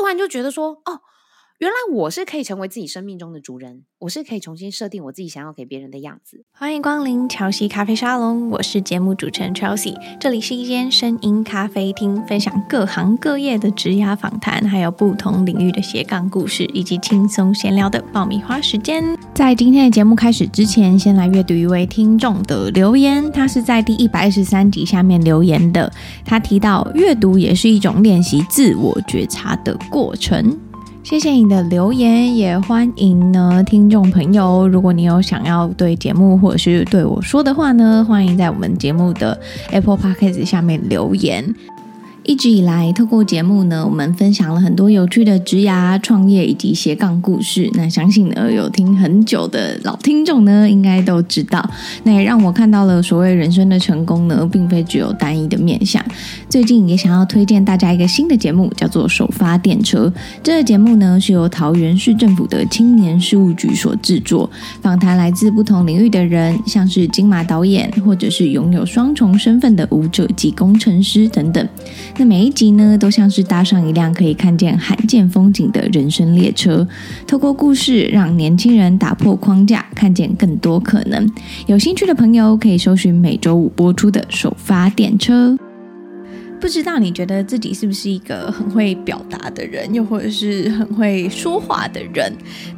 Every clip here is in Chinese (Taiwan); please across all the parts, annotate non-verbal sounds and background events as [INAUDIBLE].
突然就覺得說，哦。原來我是可以成為自己生命中的主人，我是可以重新設定我自己想要給別人的樣子。歡迎光臨喬西咖啡沙龍，我是節目主持人喬西 Chelsea。這裡是一間聲音咖啡廳，分享各行各業的職業訪談，還有不同領域的斜槓故事，以及輕鬆閒聊的爆米花時間。在今天的節目開始之前，先來閱讀一位聽眾的留言。他是在第一百二十三集下面留言的。他提到，閱讀也是一種練習自我覺察的過程。謝謝你的留言，也歡迎呢，聽眾朋友，如果你有想要對節目或者是對我說的話呢，歡迎在我們節目的 Apple Podcast 下面留言。一直以來，透過節目呢，我們分享了很多有趣的職涯創業以及斜槓故事。那相信呢，有聽很久的老聽眾呢，應該都知道。那也讓我看到了所謂人生的成功呢，並非只有單一的面向。最近也想要推薦大家一個新的節目，叫做《首發電車》。這個節目呢，是由桃園市政府的青年事務局所製作，訪談來自不同領域的人，像是金馬導演，或者是擁有雙重身份的舞者及工程師等等。那每一集呢，都像是搭上一輛可以看見罕見風景的人生列車，透過故事讓年輕人打破框架，看見更多可能。有興趣的朋友可以搜尋每周五播出的首發電車。不知道你覺得自己是不是一個很會表達的人，又或者是很會說話的人？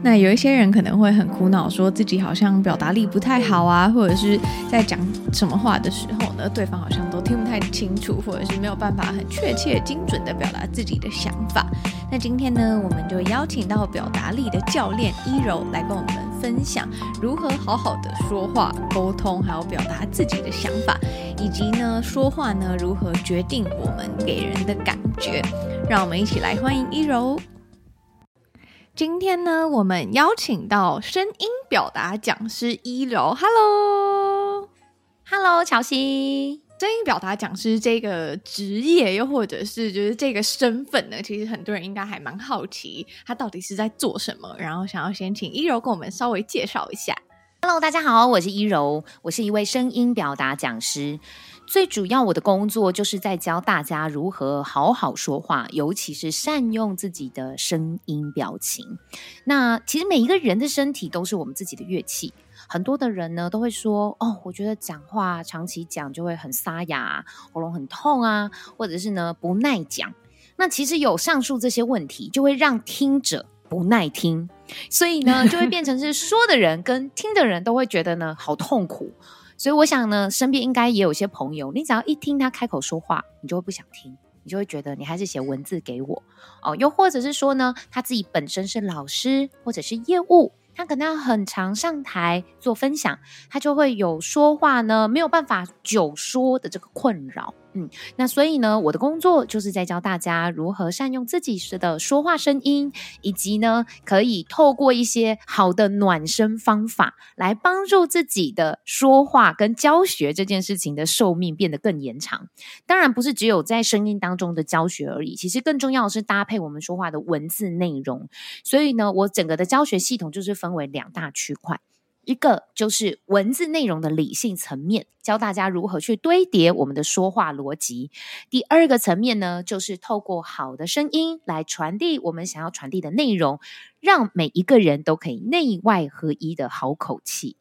那有一些人可能會很苦惱，說自己好像表達力不太好啊，或者是在講什麼話的時候呢，對方好像都聽不太清楚，或者是沒有辦法很確切、精準地表達自己的想法。那今天呢，我們就邀請到表達力的教練依柔來跟我們分享如何好好的說話、溝通，還有表達自己的想法，以及呢，說話呢如何決定我們給人的感覺。讓我們一起來歡迎依柔。今天呢，我們邀請到聲音表達講師依柔。Hello，Hello，Hello, 喬西。聲音表達講師這個職業，又或者是就是這個身份呢，其實很多人應該還蠻好奇，他到底是在做什麼。然後，想要先請依柔跟我們稍微介紹一下。Hello，大家好，我是依柔，我是一位聲音表達講師。最主要，我的工作就是在教大家如何好好說話，尤其是善用自己的聲音表情。那其實，每一個人的身體都是我們自己的樂器。很多的人呢都會說哦，我覺得講話長期講就會很沙啞啊，喉嚨很痛啊，或者是呢不耐講。那其實有上述這些問題，就會讓聽者不耐聽，所以呢就會變成是 [LAUGHS] 說的人跟聽的人都會覺得呢好痛苦。所以我想呢，身邊應該也有些朋友，你只要一聽他開口說話，你就會不想聽，你就會覺得你還是寫文字給我哦。又或者是說呢，他自己本身是老師或者是業務。他可能要很常上台做分享，他就會有說話呢，沒有辦法久說的這個困擾。嗯，那所以呢，我的工作就是在教大家如何善用自己的說話聲音，以及呢，可以透過一些好的暖身方法來幫助自己的說話跟教學這件事情的壽命變得更延長。當然，不是只有在聲音當中的教學而已，其實更重要的是搭配我們說話的文字內容。所以呢，我整個的教學系統就是分為兩大區塊。一個就是文字內容的理性層面，教大家如何去堆疊我們的說話邏輯。第二個層面呢，就是透過好的聲音來傳遞我們想要傳遞的內容，讓每一個人都可以內外合一的好口氣。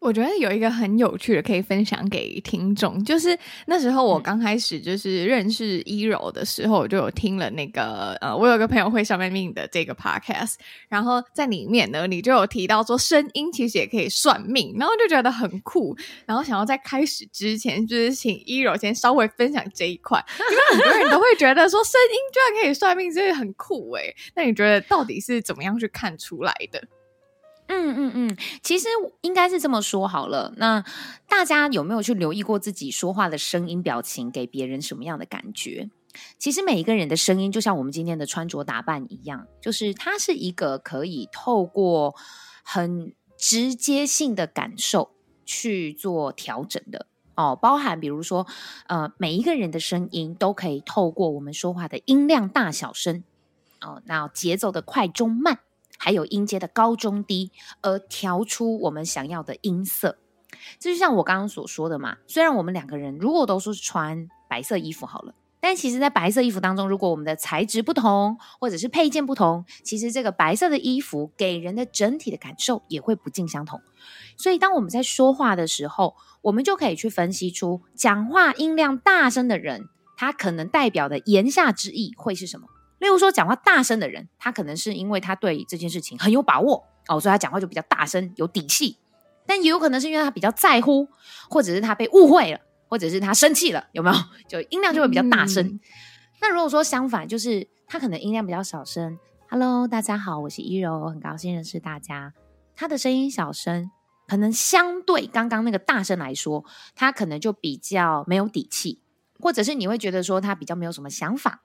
我覺得有一個很有趣的可以分享給聽眾，就是那時候我剛開始就是認識依柔的時候，我就有聽了那個呃，我有個朋友會算命的這個 podcast，然後在裡面呢，你就有提到說聲音其實也可以算命，然後就覺得很酷，然後想要在開始之前就是請依柔先稍微分享這一塊，因為很多人都會覺得說聲音居然可以算命，真的很酷哎、欸，那你覺得到底是怎麼樣去看出來的？嗯嗯嗯，其實應該是這麼說好了。那大家有沒有去留意過自己說話的聲音、表情給別人什麼樣的感覺？其實每一個人的聲音，就像我們今天的穿着打扮一樣，就是它是一個可以透過很直接性的感受去做調整的哦。包含比如說，呃，每一個人的聲音都可以透過我們說話的音量大小聲哦，那節奏的快中慢。還有音階的高中低，而調出我們想要的音色。這就像我剛剛所說的嘛，雖然我們兩個人如果都是穿白色衣服好了，但其實在白色衣服當中，如果我們的材質不同，或者是配件不同，其實這個白色的衣服給人的整體的感受也會不盡相同。所以當我們在說話的時候，我們就可以去分析出講話音量大聲的人，他可能代表的言下之意會是什麼。例如說，講話大聲的人，他可能是因為他對這件事情很有把握哦，所以他講話就比較大聲，有底氣。但也有可能是因為他比較在乎，或者是他被誤會了，或者是他生氣了，有沒有？就音量就會比較大聲。嗯、那如果說相反，就是他可能音量比較小聲。Hello，大家好，我是依柔，我很高興認識大家。他的聲音小聲，可能相對剛剛那個大聲來說，他可能就比較沒有底氣，或者是你會覺得說他比較沒有什麼想法。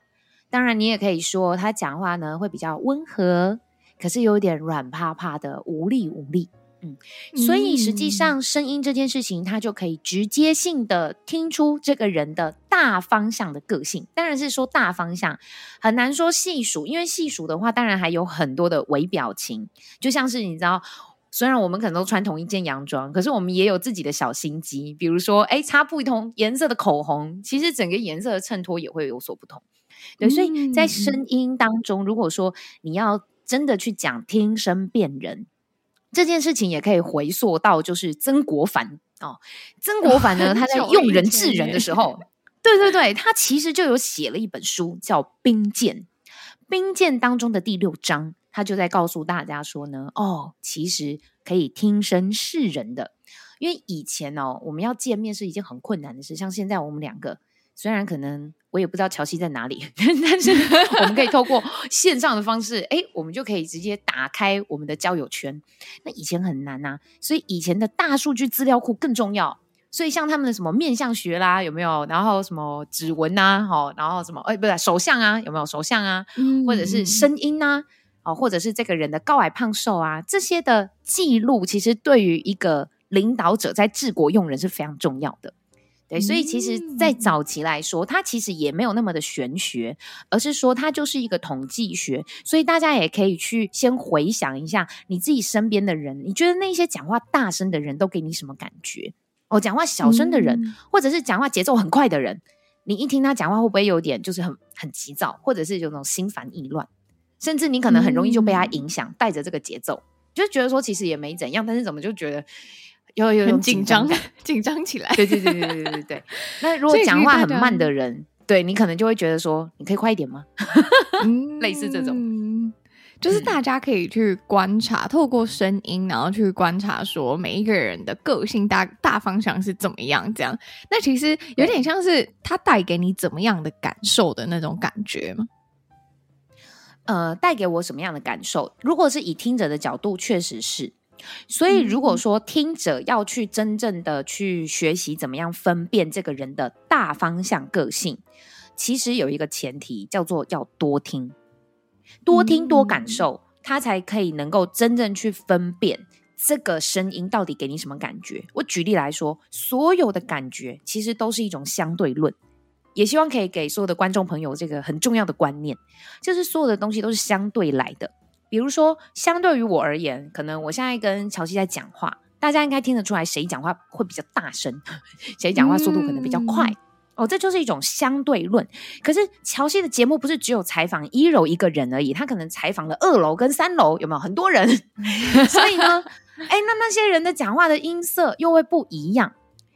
當然，你也可以說他講話呢，會比較溫和，可是有點軟趴趴的無力無力嗯。嗯，所以實際上聲音這件事情，他就可以直接性的聽出這個人的大方向的個性。當然是說大方向，很難說細數，因為細數的話，當然還有很多的微表情，就像是你知道，雖然我們可能都穿同一件洋裝，可是我們也有自己的小心機，比如說哎，擦不同顏色的口紅，其實整個顏色的襯托也會有所不同。對，所以在聲音當中、嗯，如果說你要真的去講聽聲辨人這件事情，也可以回溯到就是曾國藩哦，曾國藩呢，他在用人治人的時候，對對對，他其實就有寫了一本書叫《冰鑑》，《冰鑑》當中的第六章，他就在告訴大家說呢，哦，其實可以聽聲識人的，因為以前哦，我們要見面是一件很困難的事，像現在我們兩個。雖然可能我也不知道喬西在哪裡，但是我們可以透過線上的方式，哎、 [LAUGHS] 欸，我們就可以直接打開我們的交友圈。那以前很難吶、啊，所以以前的大數據資料庫更重要。所以像他們的什麼面相學啦，有沒有？然後什麼指紋吶，哦，然後什麼，哎、欸，不是手相啊，有沒有手相啊、嗯？或者是聲音吶、啊，哦，或者是這個人的高矮胖瘦啊，這些的記錄，其實對於一個領導者在治國用人是非常重要的。對，所以其實，在早期來說，嗯，它其實也沒有那麼的玄學，而是說它就是一個統計學。所以大家也可以去先回想一下你自己身邊的人，你覺得那些講話大聲的人都給你什麼感覺？哦，講話小聲的人，嗯，或者是講話節奏很快的人，你一聽他講話，會不會有點就是很很急躁，或者是有那種心煩意亂，甚至你可能很容易就被他影響，帶着這個節奏，就覺得說其實也沒怎樣，但是怎麼就覺得？有有，緊張，緊張起來。對對對對對對對。 [LAUGHS] 那如果講話很慢的人，對，你可能就會覺得說，你可以快一點嗎？ [LAUGHS] 類似這種、嗯，就是大家可以去觀察，嗯、透過聲音，然後去觀察說每一個人的個性大大方向是怎麼樣。這樣，那其實有點像是他帶給你怎麼樣的感受的那種感覺嗎？嗯、呃，帶給我什麼樣的感受？如果是以聽者的角度，確實是。所以，如果說聽者要去真正的去學習怎麼樣分辨這個人的大方向個性，其實有一個前提叫做要多聽，多聽多感受，他才可以能夠真正去分辨這個聲音到底給你什麼感覺。我舉例來說，所有的感覺其實都是一種相對論，也希望可以給所有的觀眾朋友這個很重要的觀念，就是所有的東西都是相對來的。比如說，相對於我而言，可能我現在跟喬西在講話，大家應該聽得出來誰講話會比較大聲，誰講話速度可能比較快。嗯、哦，這就是一種相對論。可是喬西的節目不是只有採訪一樓一個人而已，他可能採訪了二樓跟三樓，有沒有很多人、嗯？所以呢，哎， [LAUGHS] 那那些人的講話的音色又會不一樣。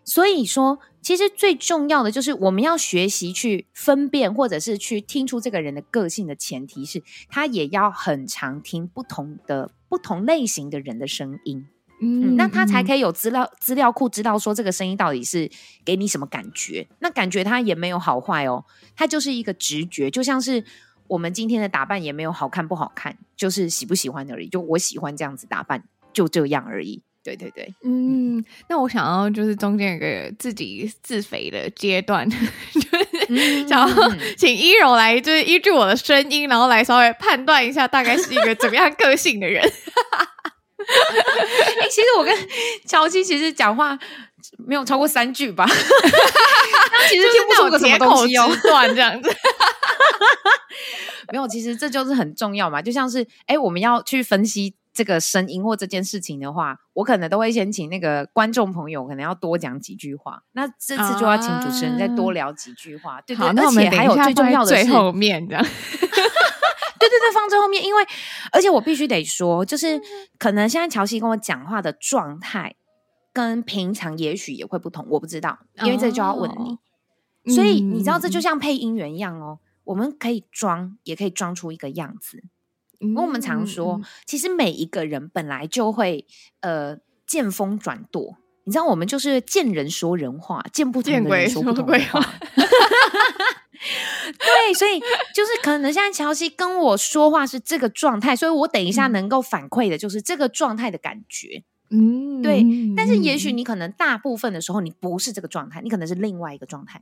所以說，其實最重要的就是我們要學習去分辨，或者是去聽出這個人的個性的前提是，他也要很常聽不同的不同類型的人的聲音，嗯，嗯，那他才可以有資料資料庫，知道說這個聲音到底是給你什麼感覺。那感覺他也沒有好壞哦，他就是一個直覺，就像是我們今天的打扮也沒有好看不好看，就是喜不喜歡而已。就我喜歡這樣子打扮，就這樣而已。對對對，嗯，那我想要就是中間有個自己自肥的階段，嗯、 [LAUGHS] 就然後請依柔來，就是依據我的聲音，然後來稍微判斷一下，大概是一個怎麼樣個性的人。哎、 [LAUGHS] [LAUGHS] 欸，其實我跟喬西其實講話沒有超過三句吧，但 [LAUGHS] [LAUGHS] 其實聽不出個什麼東西斷這樣子， [LAUGHS] [LAUGHS] 沒有，其實這就是很重要嘛，就像是哎、欸，我們要去分析。這個聲音或這件事情的話，我可能都會先請那個觀眾朋友，可能要多講幾句話。那這次就要請主持人再多聊幾句話，啊、對對。好，那我們也還有最重要的最後面這樣，這 [LAUGHS] [LAUGHS] [LAUGHS] 對，對對對，放最後面，因為而且我必須得說，就是、嗯、可能現在喬西跟我講話的狀態跟平常也許也會不同，我不知道，因為這就要問你。嗯、所以你知道，這就像配音員一樣哦、嗯，我們可以裝，也可以裝出一個樣子。嗯、我們常說、嗯嗯，其實每一個人本來就會，呃，見風轉舵。你知道，我們就是見人說人話，見不同的人說不同的話，見鬼說鬼話。 [LAUGHS] [LAUGHS] [LAUGHS] [LAUGHS] 對，所以就是可能現在喬西跟我說話是這個狀態，所以我等一下能夠反饋的就是這個狀態的感覺。嗯，對。嗯、但是也許你可能大部分的時候，你不是這個狀態，你可能是另外一個狀態。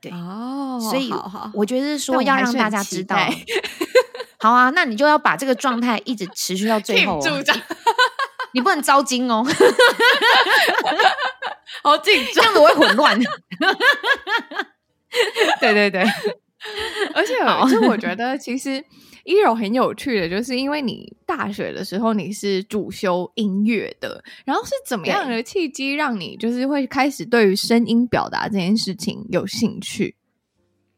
對哦，所以好好，我覺得是說要，是要讓大家知道。好啊，那你就要把這個狀態一直持續到最後這、欸、 [LAUGHS] 你不能着急哦， [LAUGHS] 好緊緊張張，這 [LAUGHS] 樣子會混亂。 [LAUGHS] 對對對，而且我覺得，其實依柔 [LAUGHS] 很有趣的，就是因為你大學的時候你是主修音樂的，然後是怎麼樣的契機讓你就是會開始對於聲音表達這件事情有興趣？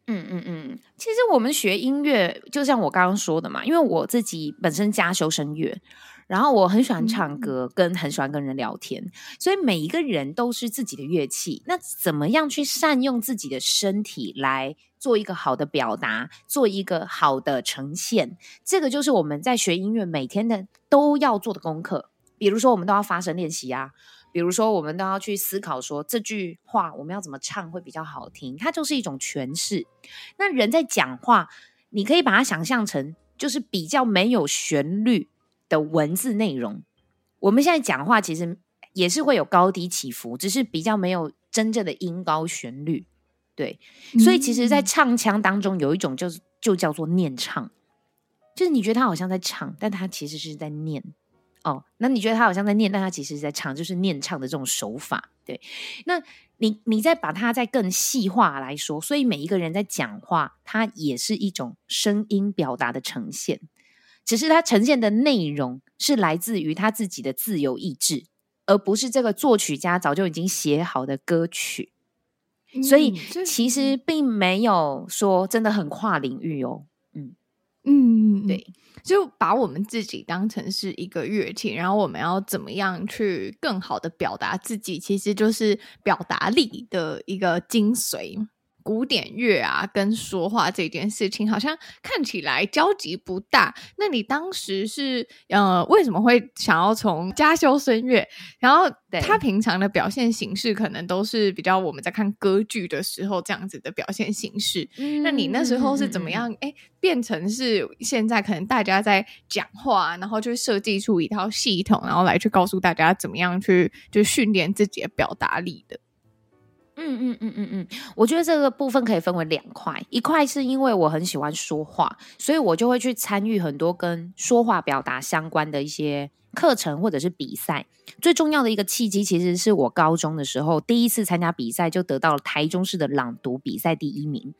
嗯嗯嗯，其實我們學音樂，就像我剛剛說的嘛，因為我自己本身加修聲樂，然後我很喜歡唱歌，嗯、跟很喜歡跟人聊天，所以每一個人都是自己的樂器。那怎麼樣去善用自己的身體來做一個好的表達，做一個好的呈現？這個就是我們在學音樂每天的都要做的功課。比如說，我們都要發聲練習啊。比如說，我們都要去思考說，這句話我們要怎麼唱會比較好聽，它就是一種詮釋。那人在講話，你可以把它想象成就是比較沒有旋律的文字內容。我們現在講話其實也是會有高低起伏，只是比較沒有真正的音高旋律。對，嗯，所以其實，在唱腔當中有一種就是就叫做念唱，就是你覺得他好像在唱，但他其實是在念。哦，那你覺得他好像在念，但他其實是在唱，就是念唱的這種手法。對，那你你再把它再更細化來說，所以每一個人在講話，他也是一種聲音表達的呈現，只是他呈現的內容是來自於他自己的自由意志，而不是這個作曲家早就已經寫好的歌曲。嗯，所以其實並沒有說真的很跨領域哦。嗯嗯，對。就把我們自己當成是一個樂器，然後我們要怎麼樣去更好的表達自己，其實就是表達力的一個精髓。古典樂啊，跟說話這件事情好像看起來交集不大。那你當時是呃，為什麼會想要從家修聲樂？然後他平常的表現形式可能都是比較我們在看歌劇的時候這樣子的表現形式。嗯，那你那時候是怎麼樣？哎，嗯，變成是現在可能大家在講話、啊，然後就設計出一套系統，然後來去告訴大家怎麼樣去就訓練自己的表達力的。嗯嗯嗯嗯嗯，我覺得這個部分可以分為兩塊，一塊是因為我很喜歡說話，所以我就會去參與很多跟說話表達相關的一些課程或者是比賽。最重要的一個契機，其實是我高中的時候第一次參加比賽，就得到了台中市的朗讀比賽第一名。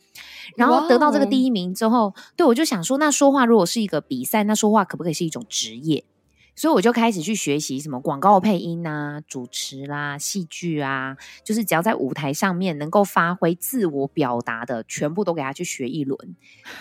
然後得到這個第一名之後，Wow. 對，我就想說，那說話如果是一個比賽，那說話可不可以是一種職業？所以我就開始去學習什麼廣告配音啊、主持啦、啊、戲劇啊，就是只要在舞台上面能夠發揮自我表達的，全部都給他去學一輪。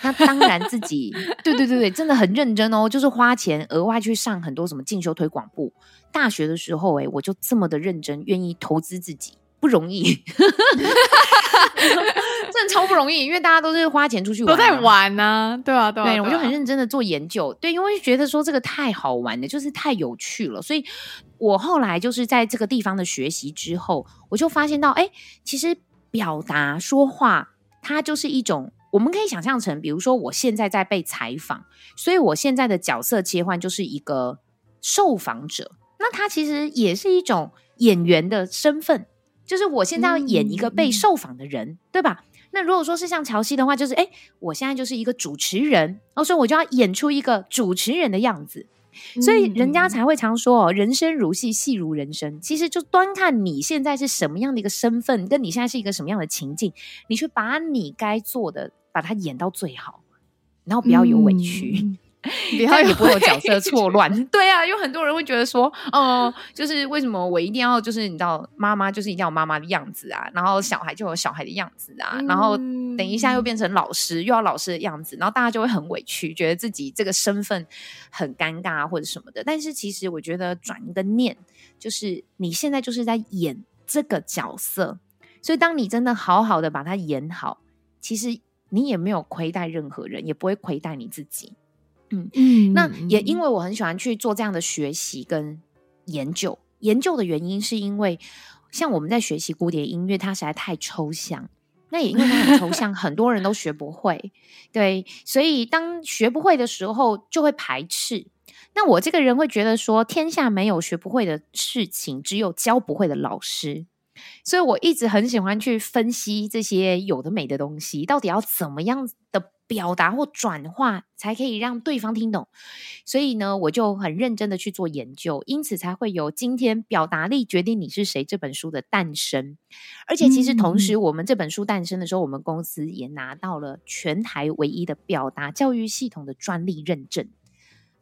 那當然自己 [LAUGHS] 對對對對，真的很認真哦，就是花錢額外去上很多什麼進修推廣部。大學的時候、欸，誒，我就這麼的認真，願意投資自己。不容易 [LAUGHS] [LAUGHS] [LAUGHS] 真的超不容易，因為大家都是花錢出去玩，都在玩呢、啊啊啊，對啊，對，我就很認真的做研究，對，因為覺得說這個太好玩了，就是太有趣了，所以，我後來就是在這個地方的學習之後，我就發現到，哎、欸，其實表達說話，它就是一種我們可以想象成，比如說我現在在被採訪，所以我現在的角色切換就是一個受訪者，那它其實也是一種演員的身份。就是我現在要演一個被受訪的人、嗯嗯，對吧？那如果說是像喬西的話，就是誒、欸，我現在就是一個主持人，然、喔、後所以我就要演出一個主持人的樣子，所以人家才會常說哦，人生如戲，戲如人生。其實就端看你現在是什麼樣的一個身份，跟你現在是一個什麼樣的情境，你去把你該做的把它演到最好，然後不要有委屈。嗯 [LAUGHS] 然後也不會有角色錯亂？ [LAUGHS] [LAUGHS] 對啊，有很多人會覺得說，嗯、呃，就是為什麼我一定要就是你知道，媽媽就是一定要媽媽的樣子啊，然後小孩就有小孩的樣子啊、嗯，然後等一下又變成老師，又要老師的樣子，然後大家就會很委屈，覺得自己這個身份很尷尬或者什麼的。但是其實我覺得轉一個念，就是你現在就是在演這個角色，所以當你真的好好的把它演好，其實你也沒有虧待任何人，也不會虧待你自己。嗯嗯，那也因為我很喜歡去做這樣的學習跟研究。研究的原因是因為，像我們在學習古典音樂，它實在太抽象。那也因為它很抽象， [LAUGHS] 很多人都學不會。對，所以當學不會的時候，就會排斥。那我這個人會覺得說，天下沒有學不會的事情，只有教不會的老師。所以我一直很喜歡去分析這些有的沒的東西，到底要怎麼樣的。表達或轉化，才可以讓對方聽懂。所以呢，我就很認真的去做研究，因此才會有今天《表達力決定你是誰》這本書的誕生。而且，其實同時，嗯，我們這本書誕生的時候，我們公司也拿到了全台唯一的表達教育系統的專利認證。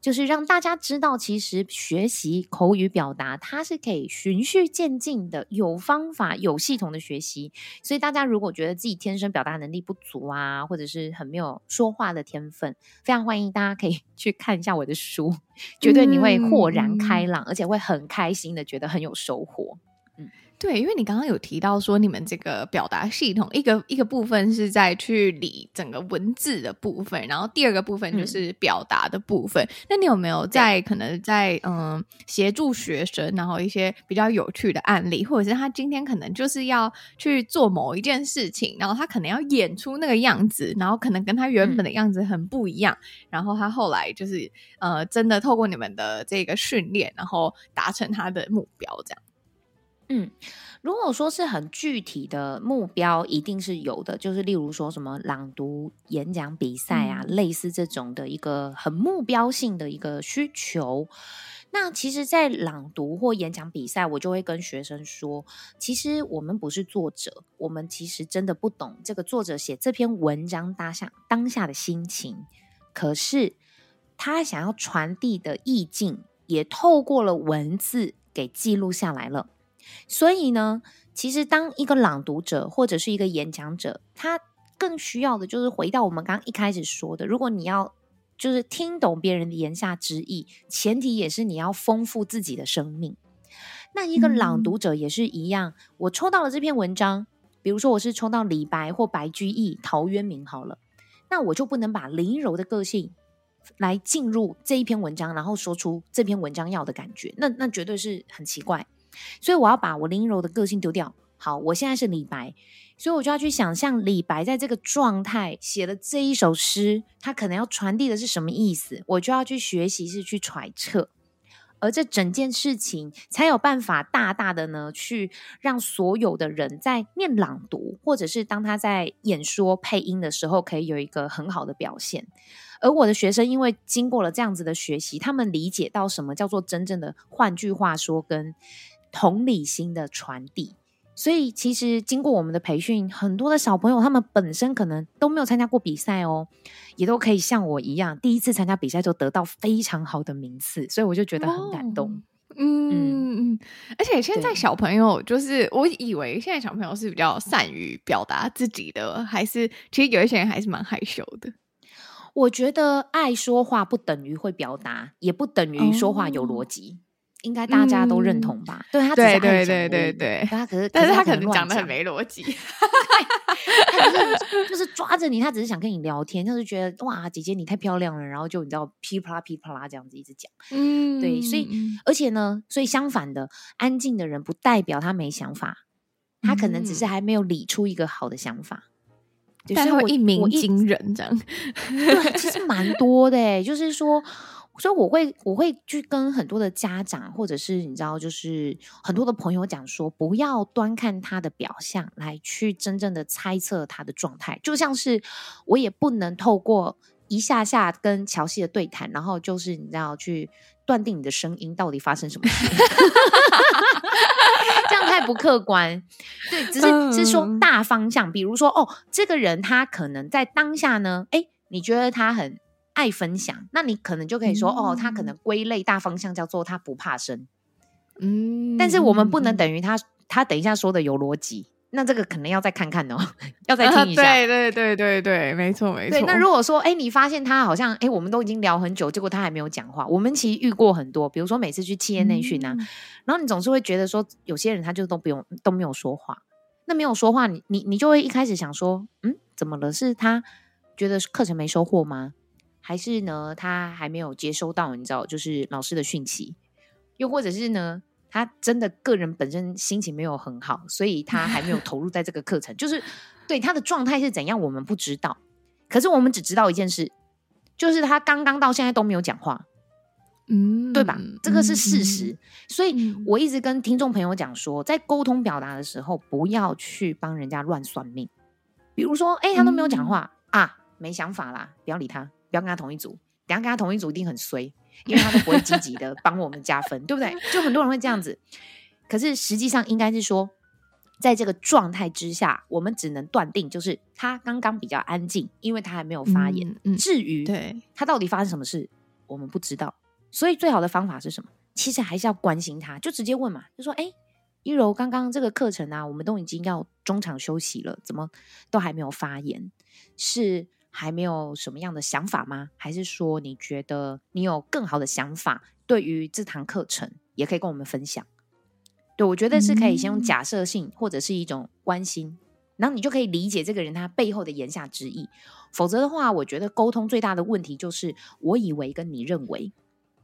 就是讓大家知道，其實學習口語表達，它是可以循序漸進的，有方法、有系統的學習。所以大家如果覺得自己天生表達能力不足啊，或者是很沒有說話的天分，非常歡迎大家可以去看一下我的書，絕對你會豁然開朗，嗯、而且會很開心的，覺得很有收穫。嗯。對，因為你剛剛有提到說，你們這個表達系統，一個一個部分是在去理整個文字的部分，然後第二個部分就是表達的部分。嗯、那你有沒有在可能在嗯、呃、協助學生，然後一些比較有趣的案例，或者是他今天可能就是要去做某一件事情，然後他可能要演出那個樣子，然後可能跟他原本的樣子很不一樣，嗯、然後他後來就是呃真的透過你們的這個訓練，然後達成他的目標，這樣。嗯，如果說是很具體的目標，一定是有的。就是例如說什麼朗讀演講比賽啊，嗯、類似這種的一個很目標性的一個需求。那其實，在朗讀或演講比賽，我就會跟學生說，其實我們不是作者，我們其實真的不懂這個作者寫這篇文章當下當下的心情，可是他想要傳遞的意境，也透過了文字給記錄下來了。所以呢，其實當一個朗讀者或者是一個演講者，他更需要的就是回到我們剛剛一開始說的，如果你要就是聽懂別人的言下之意，前提也是你要豐富自己的生命。那一個朗讀者也是一樣、嗯，我抽到了這篇文章，比如說我是抽到李白或白居易、陶淵明好了，那我就不能把依柔的個性來進入這一篇文章，然後說出這篇文章要的感覺，那那絕對是很奇怪。所以我要把我依柔的個性丟掉。好，我現在是李白，所以我就要去想象李白在這個狀態寫的這一首詩，他可能要傳遞的是什麼意思。我就要去學習，是去揣測，而這整件事情才有辦法大大的呢，去讓所有的人在念朗讀，或者是當他在演說配音的時候，可以有一個很好的表現。而我的學生因為經過了這樣子的學習，他們理解到什麼叫做真正的，換句話說，跟。同理心的傳遞，所以其實經過我們的培訓，很多的小朋友他們本身可能都沒有參加過比賽哦，也都可以像我一樣，第一次參加比賽就得到非常好的名次，哦、所以我就覺得很感動。哦、嗯嗯嗯，而且現在小朋友就是，我以為現在小朋友是比較善於表達自己的，還是其實有一些人還是蠻害羞的？我覺得愛說話不等於會表達，也不等於說話有邏輯。哦應該大家都認同吧？嗯、對，他只是對對對對，他可是，可是他可，但是他可能講得很沒邏輯， [LAUGHS] [LAUGHS] 就是抓着你，他只是想跟你聊天， [LAUGHS] 他就覺得哇，姐姐你太漂亮了，然後就你知道噼啪啦噼啪啦這樣子一直講，嗯，對，所以而且呢，所以相反的，安靜的人不代表他沒想法，他可能只是還沒有理出一個好的想法，但、嗯、是我，但我一鳴驚人這樣 [LAUGHS] 對、啊。其實蠻多的、欸，就是說。所以我會我會去跟很多的家長或者是你知道就是很多的朋友講說，不要端看他的表象來去真正的猜測他的狀態。就像是我也不能透過一下下跟喬西的對談，然後就是你知道去斷定你的聲音到底發生什麼事， [LAUGHS] [LAUGHS] [LAUGHS] 這樣太不客觀。 [LAUGHS] 對，只是只是說大方向，比如說哦，這個人他可能在當下呢，誒，你覺得他很。愛分享，那你可能就可以說、嗯、哦，他可能歸類大方向叫做他不怕生，嗯，但是我們不能等於他，他等一下說的有邏輯，那這個可能要再看看哦、喔，要再聽一下， [LAUGHS] 對對對對對，沒錯沒錯。對，那如果說誒、欸、你發現他好像誒、欸、我們都已經聊很久，結果他還沒有講話，我們其實遇過很多，比如說每次去企業內訓啊、嗯，然後你總是會覺得說有些人他就都不用都沒有說話，那沒有說話，你你你就會一開始想說，嗯，怎麼了？是他覺得課程沒收穫嗎？還是呢，他還沒有接收到，你知道，就是老師的訊息。又或者是呢，他真的個人本身心情沒有很好，所以他還沒有投入在這個課程。 [LAUGHS] 就是，對，他的狀態是怎樣，我們不知道。可是我們只知道一件事，就是他剛剛到現在都沒有講話，嗯，對吧？嗯，這個是事實，嗯。所以我一直跟聽眾朋友講說，在溝通表達的時候，不要去幫人家亂算命。比如說，哎、欸，他都沒有講話，嗯，啊，沒想法啦，不要理他。不要跟他同一組，等下跟他同一組一定很衰，因為他們不會積極的幫我們加分， [LAUGHS] 對不對？就很多人會這樣子，可是實際上應該是說，在這個狀態之下，我們只能斷定就是他剛剛比較安靜，因為他還沒有發言。嗯嗯、至於對他到底發生什麼事，我們不知道。所以最好的方法是什麼？其實還是要關心他，就直接問嘛，就說：“哎，依柔剛剛這個課程啊，我們都已經要中場休息了，怎麼都還沒有發言？”是。還沒有什麼樣的想法嗎？還是說你覺得你有更好的想法？對於這堂課程，也可以跟我們分享。對，我覺得是可以先用假設性，或者是一種關心，嗯，然後你就可以理解這個人他背後的言下之意。否則的話，我覺得溝通最大的問題就是我以為跟你認為。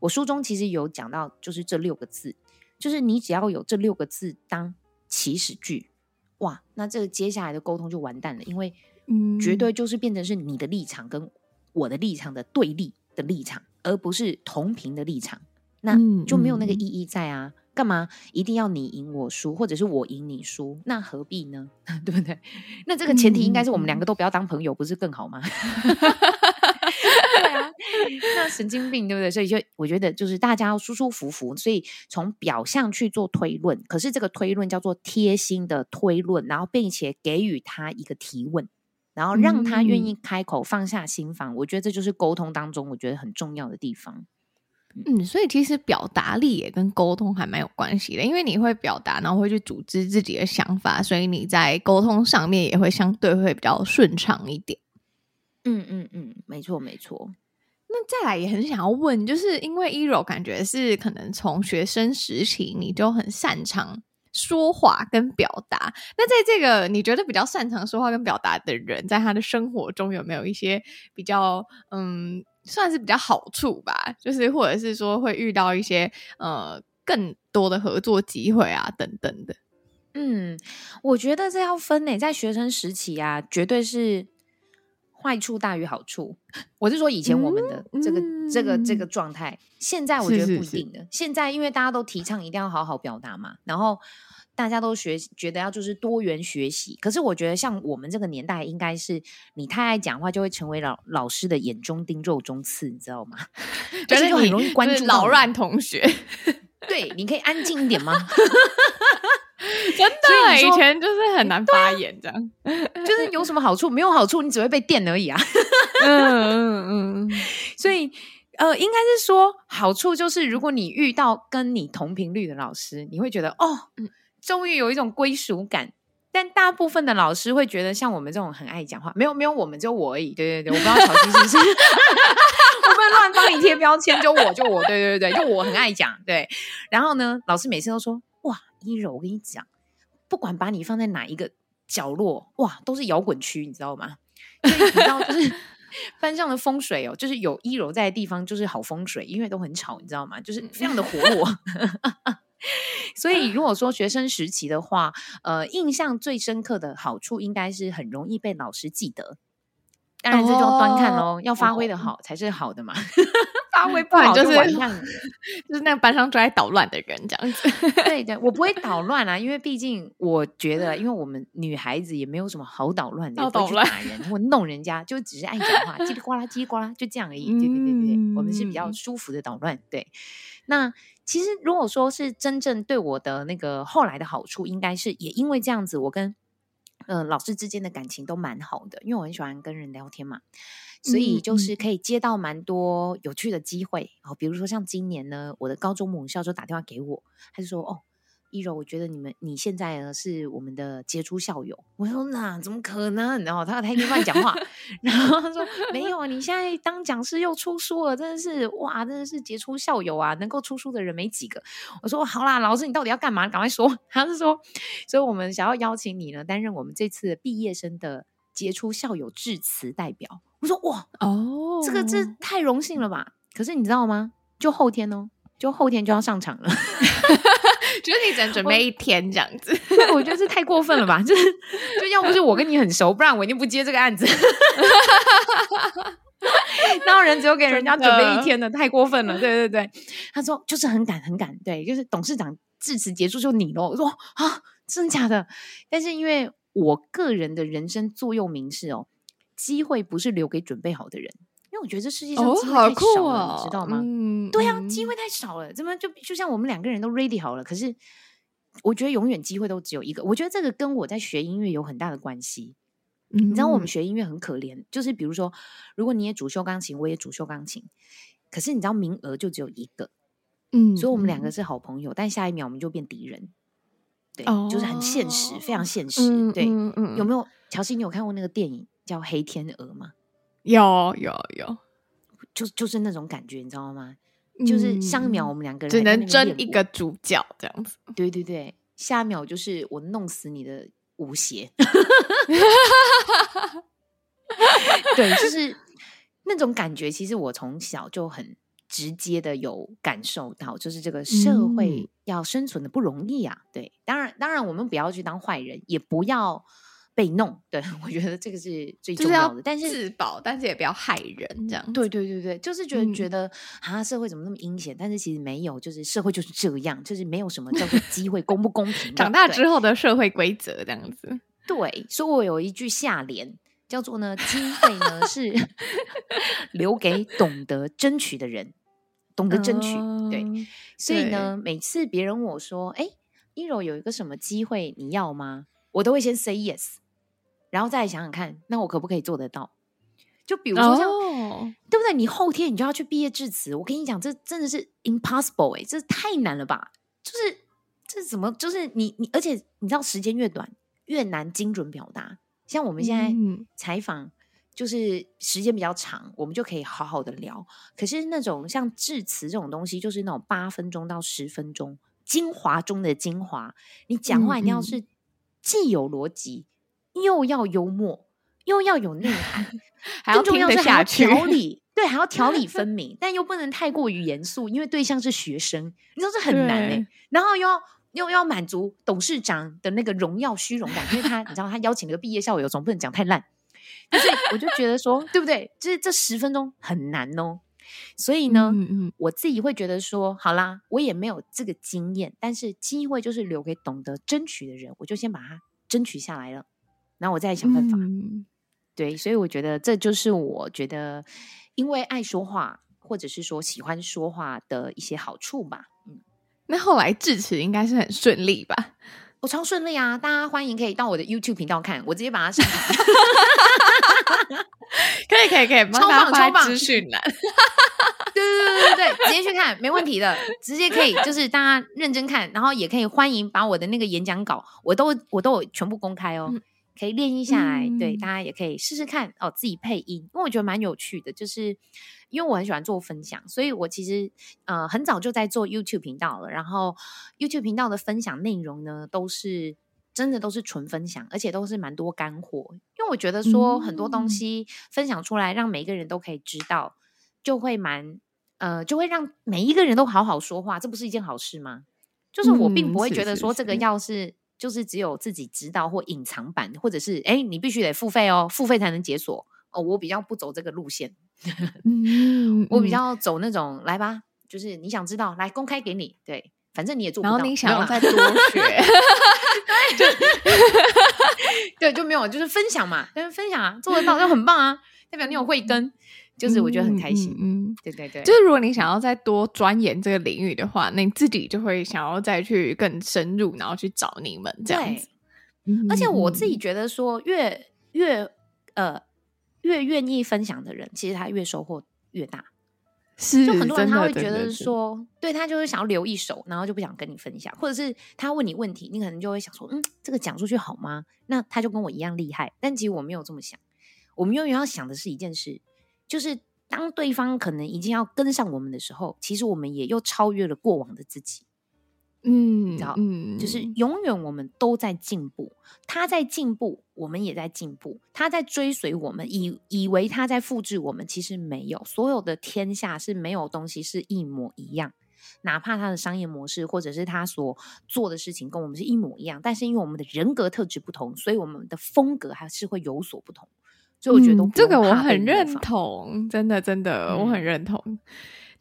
我書中其實有講到，就是這六個字，就是你只要有這六個字當起始句，哇，那這個接下來的溝通就完蛋了，因為。絕對就是變成是你的立場跟我的立場的對立的立場，而不是同頻的立場，那就沒有那個意義在啊，幹嘛一定要你贏我輸，或者是我贏你輸？那何必呢？ [LAUGHS] 對不對？那這個前提應該是我們兩個都不要當朋友，不是更好嗎？ [LAUGHS] [LAUGHS] 對啊，那神經病對不對？所以就我覺得就是大家要舒舒服服。所以從表象去做推論，可是這個推論叫做貼心的推論，然後並且給予他一個提問。然後讓他願意開口，放下心防，嗯，我覺得這就是溝通當中我覺得很重要的地方。嗯，所以其實表達力也跟溝通還蠻有關係的，因為你會表達，然後會去組織自己的想法，所以你在溝通上面也會相對會比較順暢一點。嗯嗯嗯，沒錯沒錯。那再來也很想要問，就是因為依柔感覺是可能從學生時期你就很擅長。說話跟表達，那在這個你覺得比較擅長說話跟表達的人，在他的生活中有沒有一些比較嗯，算是比較好處吧？就是或者是說會遇到一些呃更多的合作機會啊等等的。嗯，我覺得這要分嘞、欸，在學生時期啊，絕對是。壞處大於好處，我是說以前我們的這個、嗯、這個、嗯、這個、這個狀態，現在我覺得不一定的。是是是。現在因為大家都提倡一定要好好表達嘛，然後大家都學覺得要就是多元學習，可是我覺得像我們這個年代，應該是你太愛講話，就會成為老老師的眼中釘、肉中刺，你知道嗎？就是就很容易關注擾亂、就是、同學。 [LAUGHS] 對，你可以安靜一點嗎？ [LAUGHS] [LAUGHS] 真的、欸、以，以前就是很難發言，這樣、欸啊、就是有什麼好處沒有好處，你只會被電而已啊。 [LAUGHS] 嗯嗯嗯。所以呃，應該是說好處就是，如果你遇到跟你同頻率的老師，你會覺得哦，終、嗯、於有一種歸屬感。但大部分的老師會覺得，像我們這種很愛講話，沒有沒有，我們只有我而已。對對對，我不知道喬西是不是？ [LAUGHS] [LAUGHS] [LAUGHS] 我不要亂幫你貼標籤，就我就我對對對對，就我很愛講。對，然後呢，老師每次都說。依柔，我跟你講，不管把你放在哪一個角落，哇，都是搖滾區，你知道嗎？因 [LAUGHS] 以你知道，就是班上的風水哦，就是有依柔在的地方，就是好風水，因為都很吵，你知道嗎？就是非常的活絡。 [LAUGHS] [LAUGHS] 所以如果說學生時期的話，呃，印象最深刻的好處應該是很容易被老師記得。當然，這叫端看哦、oh、要發揮的好才是好的嘛。Oh [LAUGHS] 他會 [NOISE] 不,、就是嗯、不好就是 [LAUGHS] 就是那個班上最愛搗亂的人這樣子。 [LAUGHS] 對，對我不會搗亂啊，因為畢竟我覺得，因為我們女孩子也沒有什麼好搗亂的，搗亂打人或弄人家，就只是愛講話， [LAUGHS] 嘰里呱啦，嘰里呱啦，就這樣而已。對對對對，我們是比較舒服的搗亂。對，那其實如果說是真正對我的那個後來的好處，應該是也因為這樣子，我跟呃老師之間的感情都蠻好的，因為我很喜歡跟人聊天嘛。所以就是可以接到蠻多有趣的機會哦、嗯嗯，比如說像今年呢，我的高中母校就打電話給我，他就說：“哦，依柔，我覺得你們你現在呢是我們的傑出校友。”我說：“那怎麼可能？”然後他他一直亂講話， [LAUGHS] 然後他說：“沒有啊，你現在當講師又出書了，真的是哇，真的是傑出校友啊！能夠出書的人沒幾個。”我說：“好啦，老師，你到底要幹嘛？趕快說。”他是說：“所以我們想要邀請你呢，擔任我們這次畢業生的傑出校友致辭代表。”我說哇哦，oh, 這個這太榮幸了吧？可是你知道嗎？就後天哦，就後天就要上場了。 [LAUGHS] [LAUGHS] 就是你只能準備一天這樣子，我，我覺得這太過分了吧？就是就要不是我跟你很熟，不然我一定不接這個案子。那 [LAUGHS] [LAUGHS] [LAUGHS] [LAUGHS] 人只有給人家準備一天的，太過分了。對對對， [LAUGHS] 他說就是很趕很趕，對，就是董事長致辭結束就你咯我說啊，真的假的？但是因為我個人的人生座右銘是哦。機會不是留給準備好的人，因為我覺得這世界上機會太少了、哦好酷哦，你知道嗎？嗯、對啊，機會太少了。嗯、怎麼就就像我們兩個人都 ready 好了，可是我覺得永遠機會都只有一個。我覺得這個跟我在學音樂有很大的關係、嗯。你知道我們學音樂很可憐，就是比如說，如果你也主修鋼琴，我也主修鋼琴，可是你知道名額就只有一個。嗯，所以我們兩個是好朋友、嗯，但下一秒我們就變敵人。對、哦，就是很現實，嗯、非常現實。嗯、對、嗯嗯，有沒有喬西？你有看過那個電影？叫黑天鵝嗎？有有有，就就是那種感覺，你知道嗎？嗯、就是上一秒我們兩個人只能爭一個主角這樣子，對對對，下一秒就是我弄死你的吳邪， [LAUGHS] [LAUGHS] [LAUGHS] 對，就是那種感覺。其實我從小就很直接的有感受到，就是這個社會要生存的不容易啊。嗯、對，當然當然，我們不要去當壞人，也不要。被弄，對我覺得這個是最重要的，就是、要但是自保，但是也不要害人這樣、嗯。對對對對，就是覺得、嗯、覺得啊，社會怎麼那麼陰險？但是其實沒有，就是社會就是這樣，就是沒有什麼叫做機會 [LAUGHS] 公不公平。長大之後的社會規則這樣子。對，對所以我有一句下聯叫做呢：機會呢是 [LAUGHS] 留給懂得爭取的人，懂得爭取。嗯、對，對，所以呢，每次別人問我說：“哎，依柔有一個什麼機會，你要嗎？”我都會先 say yes。然後再想想看，那我可不可以做得到？就比如說像，Oh. 對不對？你後天你就要去畢業致辭，我跟你講，這真的是 impossible 哎、欸，這太難了吧？就是這怎麼？就是你你，而且你知道，時間越短越難精準表達。像我們現在採訪，就是時間比較長、嗯，我們就可以好好的聊。可是那種像致辭這種東西，就是那種八分鐘到十分鐘，精華中的精華，你講話一定要是既有邏輯。嗯嗯又要幽默，又要有內、那、涵、個， [LAUGHS] 還要聽得下去，條理對，還要條理分明， [LAUGHS] 但又不能太過於嚴肅，因為對象是學生，你知道是很難哎、欸。然後又要又要滿足董事長的那個榮耀虛榮感， [LAUGHS] 因為他你知道他邀請了一個畢業校友， [LAUGHS] 總不能講太爛。但是我就覺得說， [LAUGHS] 對不對？就是這十分鐘很難哦。所以呢，嗯，嗯嗯，我自己會覺得說，好啦，我也沒有這個經驗，但是機會就是留給懂得爭取的人，我就先把它爭取下來了。然後我再來想辦法、嗯，對，所以我覺得這就是我覺得因為愛說話，或者是說喜歡說話的一些好處吧。嗯、那後來致辭應該是很順利吧？我、哦、超順利啊！大家歡迎可以到我的 YouTube 頻道看，我直接把它上 [LAUGHS] [LAUGHS] [LAUGHS] 可以可以可以，超棒超棒資訊欄。 [LAUGHS] 對對對對對對，直接去看 [LAUGHS] 沒問題的，直接可以，就是大家認真看，然後也可以歡迎把我的那個演講稿，我都我都全部公開哦。嗯可以練一下來、嗯，對大家也可以試試看哦，自己配音，因為我覺得蠻有趣的。就是因為我很喜歡做分享，所以我其實呃很早就在做 YouTube 頻道了。然後 YouTube 頻道的分享內容呢，都是真的都是純分享，而且都是蠻多乾貨。因為我覺得說很多東西分享出來，讓每一個人都可以知道，嗯、就會蠻呃就會讓每一個人都好好說話，這不是一件好事嗎？就是我並不會覺得說這個要是、嗯。是是是就是只有自己知道，或隱藏版，或者是誒、欸、你必須得付費哦、喔，付費才能解鎖哦、喔。我比較不走這個路線， [LAUGHS] 我比較走那種來吧，就是你想知道，來，公開給你，對，反正你也做不到，然後你想要再多學， [LAUGHS] 對，就 [LAUGHS] 對，就沒有，就是分享嘛，但是分享啊，做得到就很棒啊，代表你有慧根。就是我覺得很開心，嗯，嗯，對對對，就是如果你想要再多鑽研這個領域的話，那你自己就會想要再去更深入，然後去找你們這樣子。嗯、而且我自己覺得說，越越呃越願意分享的人，其實他越收穫越大。是，就很多人他會覺得說，對，對，對，對，對，他就是想要留一手，然後就不想跟你分享，或者是他問你問題，你可能就會想說，嗯，這個講出去好嗎？那他就跟我一樣厲害，但其實我沒有這麼想。我們永遠要想的是一件事。就是當對方可能已經要跟上我們的時候，其實我們也又超越了過往的自己。嗯，你知道，嗯，就是永遠我們都在進步，他在進步，我們也在進步，他在追隨我們，以以為他在複製我們，其實沒有，所有的天下是沒有東西是一模一樣，哪怕他的商業模式或者是他所做的事情跟我們是一模一樣，但是因為我們的人格特質不同，所以我們的風格還是會有所不同。就我覺得，嗯，這個我很認同，真的，真的，嗯，我很認同。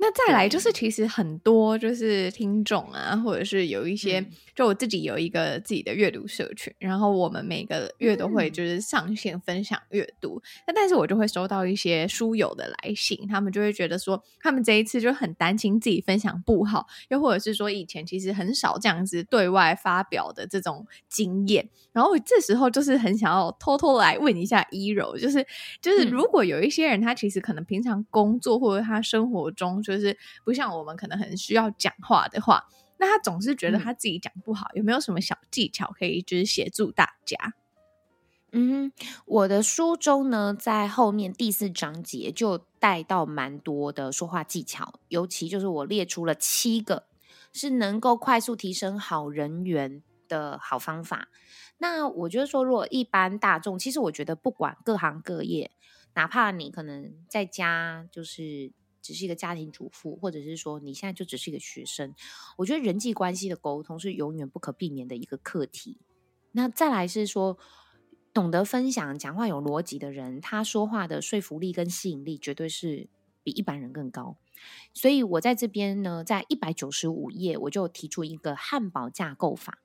那再來就是，其實很多就是聽眾啊，或者是有一些、嗯，就我自己有一個自己的閱讀社群，然後我們每個月都會就是上線分享閱讀、嗯。那但是我就會收到一些書友的來信，他們就會覺得說，他們這一次就很擔心自己分享不好，又或者是說以前其實很少這樣子對外發表的這種經驗。然後我這時候就是很想要偷偷來問一下依柔，就是就是如果有一些人，他其實可能平常工作或者他生活中。就是不像我們可能很需要講話的話，那他總是覺得他自己講不好，嗯、有沒有什麼小技巧可以就是協助大家？嗯，我的書中呢，在後面第四章節就帶到蠻多的說話技巧，尤其就是我列出了七個是能夠快速提升好人緣的好方法。那我覺得說，如果一般大眾，其實我覺得不管各行各業，哪怕你可能在家就是。只是一個家庭主婦，或者是說你現在就只是一個學生，我覺得人際關係的溝通是永遠不可避免的一個課題。那再來是說，懂得分享、講話有邏輯的人，他說話的說服力跟吸引力絕對是比一般人更高。所以我在這邊呢，在一百九十五頁，我就提出一個漢堡架構法。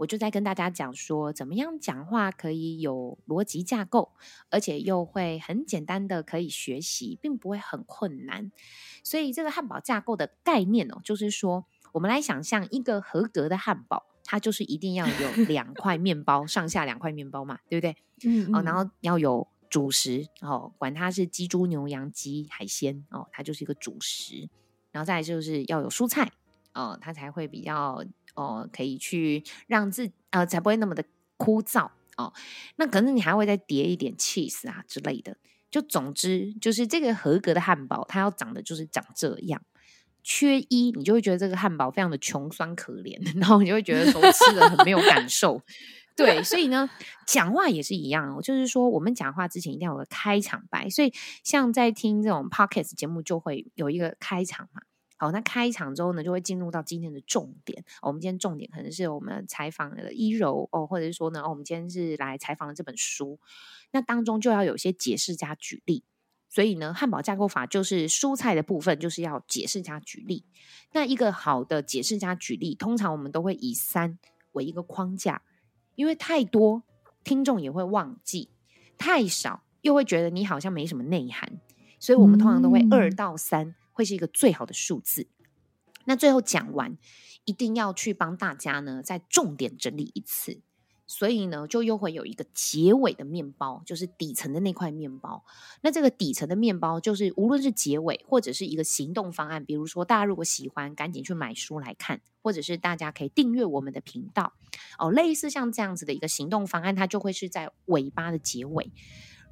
我就在跟大家講說，怎麼樣講話可以有邏輯架構，而且又會很簡單的可以學習，並不會很困難。所以這個漢堡架，架構的概念哦，就是說，我們來想象一個合格的漢堡，它就是一定要有兩塊麵包， [LAUGHS] 上下兩塊麵包嘛，對不對？嗯，嗯。哦，然後要有主食哦，管它是雞、豬、牛、羊、雞、海鮮哦，它就是一個主食。然後再來就是要有蔬菜哦，它才會比較。哦，可以去讓自己呃，才不會那麼的枯燥哦。那可能你還會再疊一點 cheese 啊之類的。就總之，就是這個合格的漢堡，它要長得就是長這樣，缺一你就會覺得這個漢堡非常的窮酸可憐，然後你就會覺得說吃了很沒有感受。 [LAUGHS] 對，所以呢，講話也是一樣，哦。我就是說，我們講話之前一定要有個開場白。所以，像在聽這種 podcast 節目，就會有一個開場嘛。好，那開場之後呢，就會進入到今天的重點。我們今天重點可能是我們採訪了依柔哦，或者是說呢，哦、我們今天是來採訪了這本書。那當中就要有些解釋加舉例，所以呢，漢堡架構法就是蔬菜的部分，就是要解釋加舉例。那一個好的解釋加舉例，通常我們都會以三為一個框架，因為太多聽眾也會忘記，太少又會覺得你好像沒什麼內涵，所以我們通常都會二到三、嗯。會是一個最好的數字。那最後講完，一定要去幫大家呢再重點整理一次。所以呢，就又會有一個結尾的面包，就是底層的那塊麵包。那這個底層的面包，就是無論是結尾或者是一個行動方案，比如說大家如果喜歡，趕緊去買書來看，或者是大家可以訂閱我們的頻道哦，類似像這樣子的一個行動方案，它就會是在尾巴的結尾。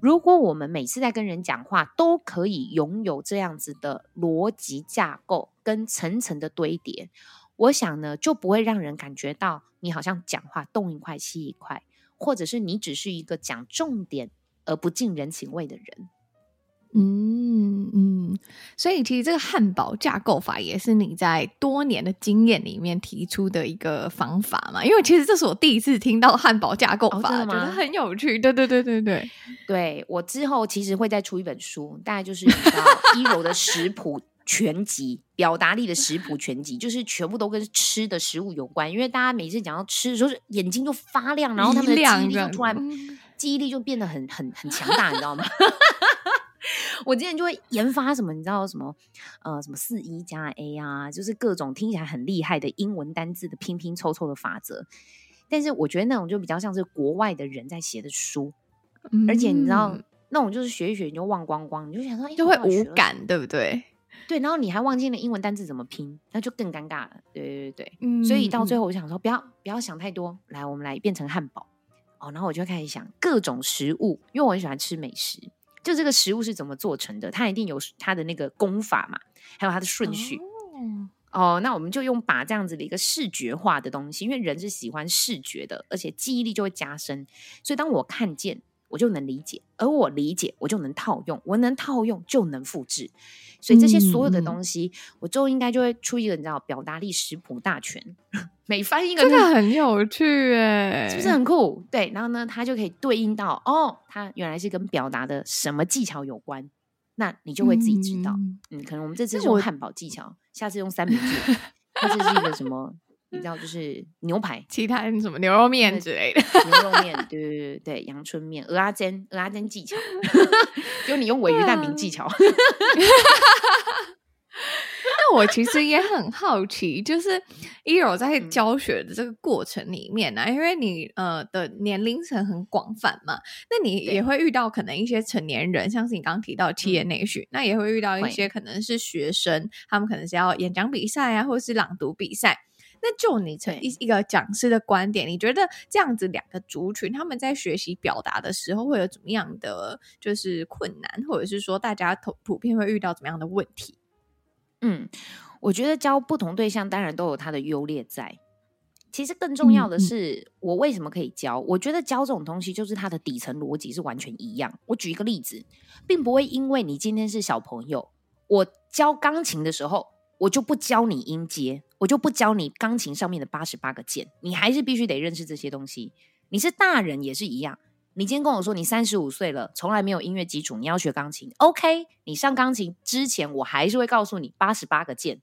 如果我們每次在跟人講話，都可以擁有這樣子的邏輯架構跟層層的堆疊，我想呢，就不會讓人感覺到你好像講話東一塊西一塊，或者是你只是一個講重點而不近人情味的人。嗯嗯，所以其實這個漢堡架構法也是你在多年的經驗裡面提出的一個方法嘛。因為其實這是我第一次聽到漢堡架構法，哦、覺得很有趣。對對對對對，對我之後其實會再出一本書，大概就是你知道 [LAUGHS] 依柔的食譜全集，表達力的食譜全集，就是全部都跟吃的食物有關。因為大家每次講到吃的時候眼睛就發亮，然後他們的記憶力就突然、嗯、記憶力就變得很很很強大，你知道嗎？ [LAUGHS] 我之前就會研發什麼，你知道什麼，呃，什麼四一加 A 啊，就是各種聽起來很厲害的英文單字的拼拼湊湊的法則。但是我覺得那種就比較像是國外的人在寫的書，嗯，而且你知道那種就是學一學你就忘光光，你就想說，欸、就會無感，對不對？對，然後你還忘記了英文單字怎麼拼，那就更尷尬了。對對對對，嗯，所以到最後我想說，不要不要想太多，來我們來變成漢堡哦，然後我就開始想各種食物，因為我很喜歡吃美食。就這個食物是怎麼做成的？它一定有它的那個功法嘛，還有它的順序。哦。Oh, oh，那我們就用把這樣子的一個視覺化的東西，因為人是喜歡視覺的，而且記憶力就會加深。所以當我看見，我就能理解；而我理解，我就能套用；我能套用，就能複製。所以這些所有的東西，嗯、我之後應該就會出一個你知道表達力食譜大全， [LAUGHS] 每翻一個、就是、真的很有趣哎、欸，是不是很酷？對，然後呢，它就可以對應到哦，它原來是跟表達的什麼技巧有關，那你就會自己知道。嗯，嗯可能我們這次是用漢堡技巧，下次用三明治，下次 [LAUGHS] 是一個什麼？你知道就是牛排，其他什麼牛肉面之類的， [LAUGHS] 牛肉麵，對對對，陽春麵，蚵仔煎，蚵仔煎技巧， [LAUGHS] 就你用鮪魚蛋餅技巧。那 [LAUGHS] [LAUGHS] [LAUGHS] [LAUGHS] [LAUGHS] [LAUGHS] [LAUGHS] 我其實也很好奇， [LAUGHS] 就是依柔 [LAUGHS] 在教學的這個過程裡面呢、啊嗯，因為你呃的年齡層很廣泛嘛，那你也會遇到可能一些成年人，像是你剛剛提到 T N H，那也會遇到一些可能是學生，嗯、他們可能是要演講比賽啊，或者是朗讀比賽。那就你成一一個講師的觀點，你覺得這樣子兩個族群他們在學習表達的時候會有怎麼樣的就是困難，或者是說大家普普遍會遇到怎麼樣的問題？嗯，我覺得教不同對象當然都有他的優劣在。其實更重要的是，嗯，我為什麼可以教？嗯。我覺得教這種東西就是他的底層邏輯是完全一樣。我舉一個例子，並不會因為你今天是小朋友，我教鋼琴的時候，我就不教你音階。我就不教你鋼琴上面的八十八個鍵，你還是必須得認識這些東西。你是大人也是一樣。你今天跟我說你三十五歲了，從來沒有音樂基礎，你要學鋼琴。OK，你上鋼琴之前，我還是會告訴你八十八個鍵，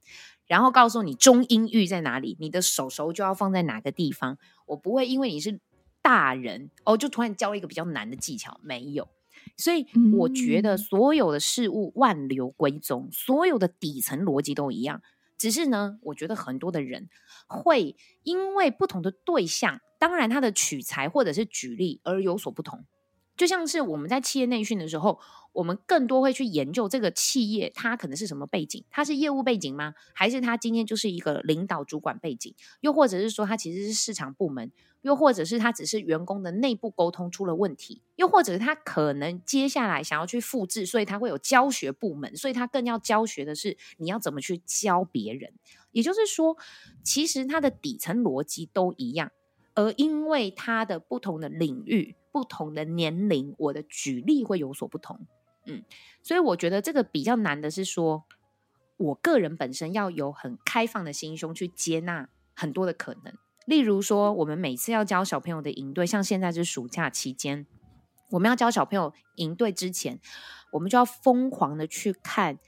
然後告訴你中音域在哪裡，你的手手就要放在哪個地方。我不會因為你是大人哦，就突然教一個比較難的技巧。沒有，所以我覺得所有的事物、嗯、萬流歸宗，所有的底層邏輯都一樣。只是呢，我覺得很多的人會因為不同的對象，當然他的取材或者是舉例而有所不同。就像是我們在企業內訓的時候，我們更多會去研究這個企業它可能是什麼背景，它是業務背景嗎？還是它今天就是一個領導主管背景？又或者是說它其實是市場部門？又或者是它只是員工的內部溝通出了問題？又或者是它可能接下來想要去複製，所以它會有教學部門，所以它更要教學的是你要怎麼去教別人。也就是說，其實它的底層邏輯都一樣，而因為它的不同的領域，不同的年齡，我的舉例會有所不同。嗯，所以我覺得這個比較難的是說，我個人本身要有很開放的心胸去接納很多的可能。例如說，我們每次要教小朋友的營隊，像現在是暑假期間，我們要教小朋友營隊之前，我們就要瘋狂的去看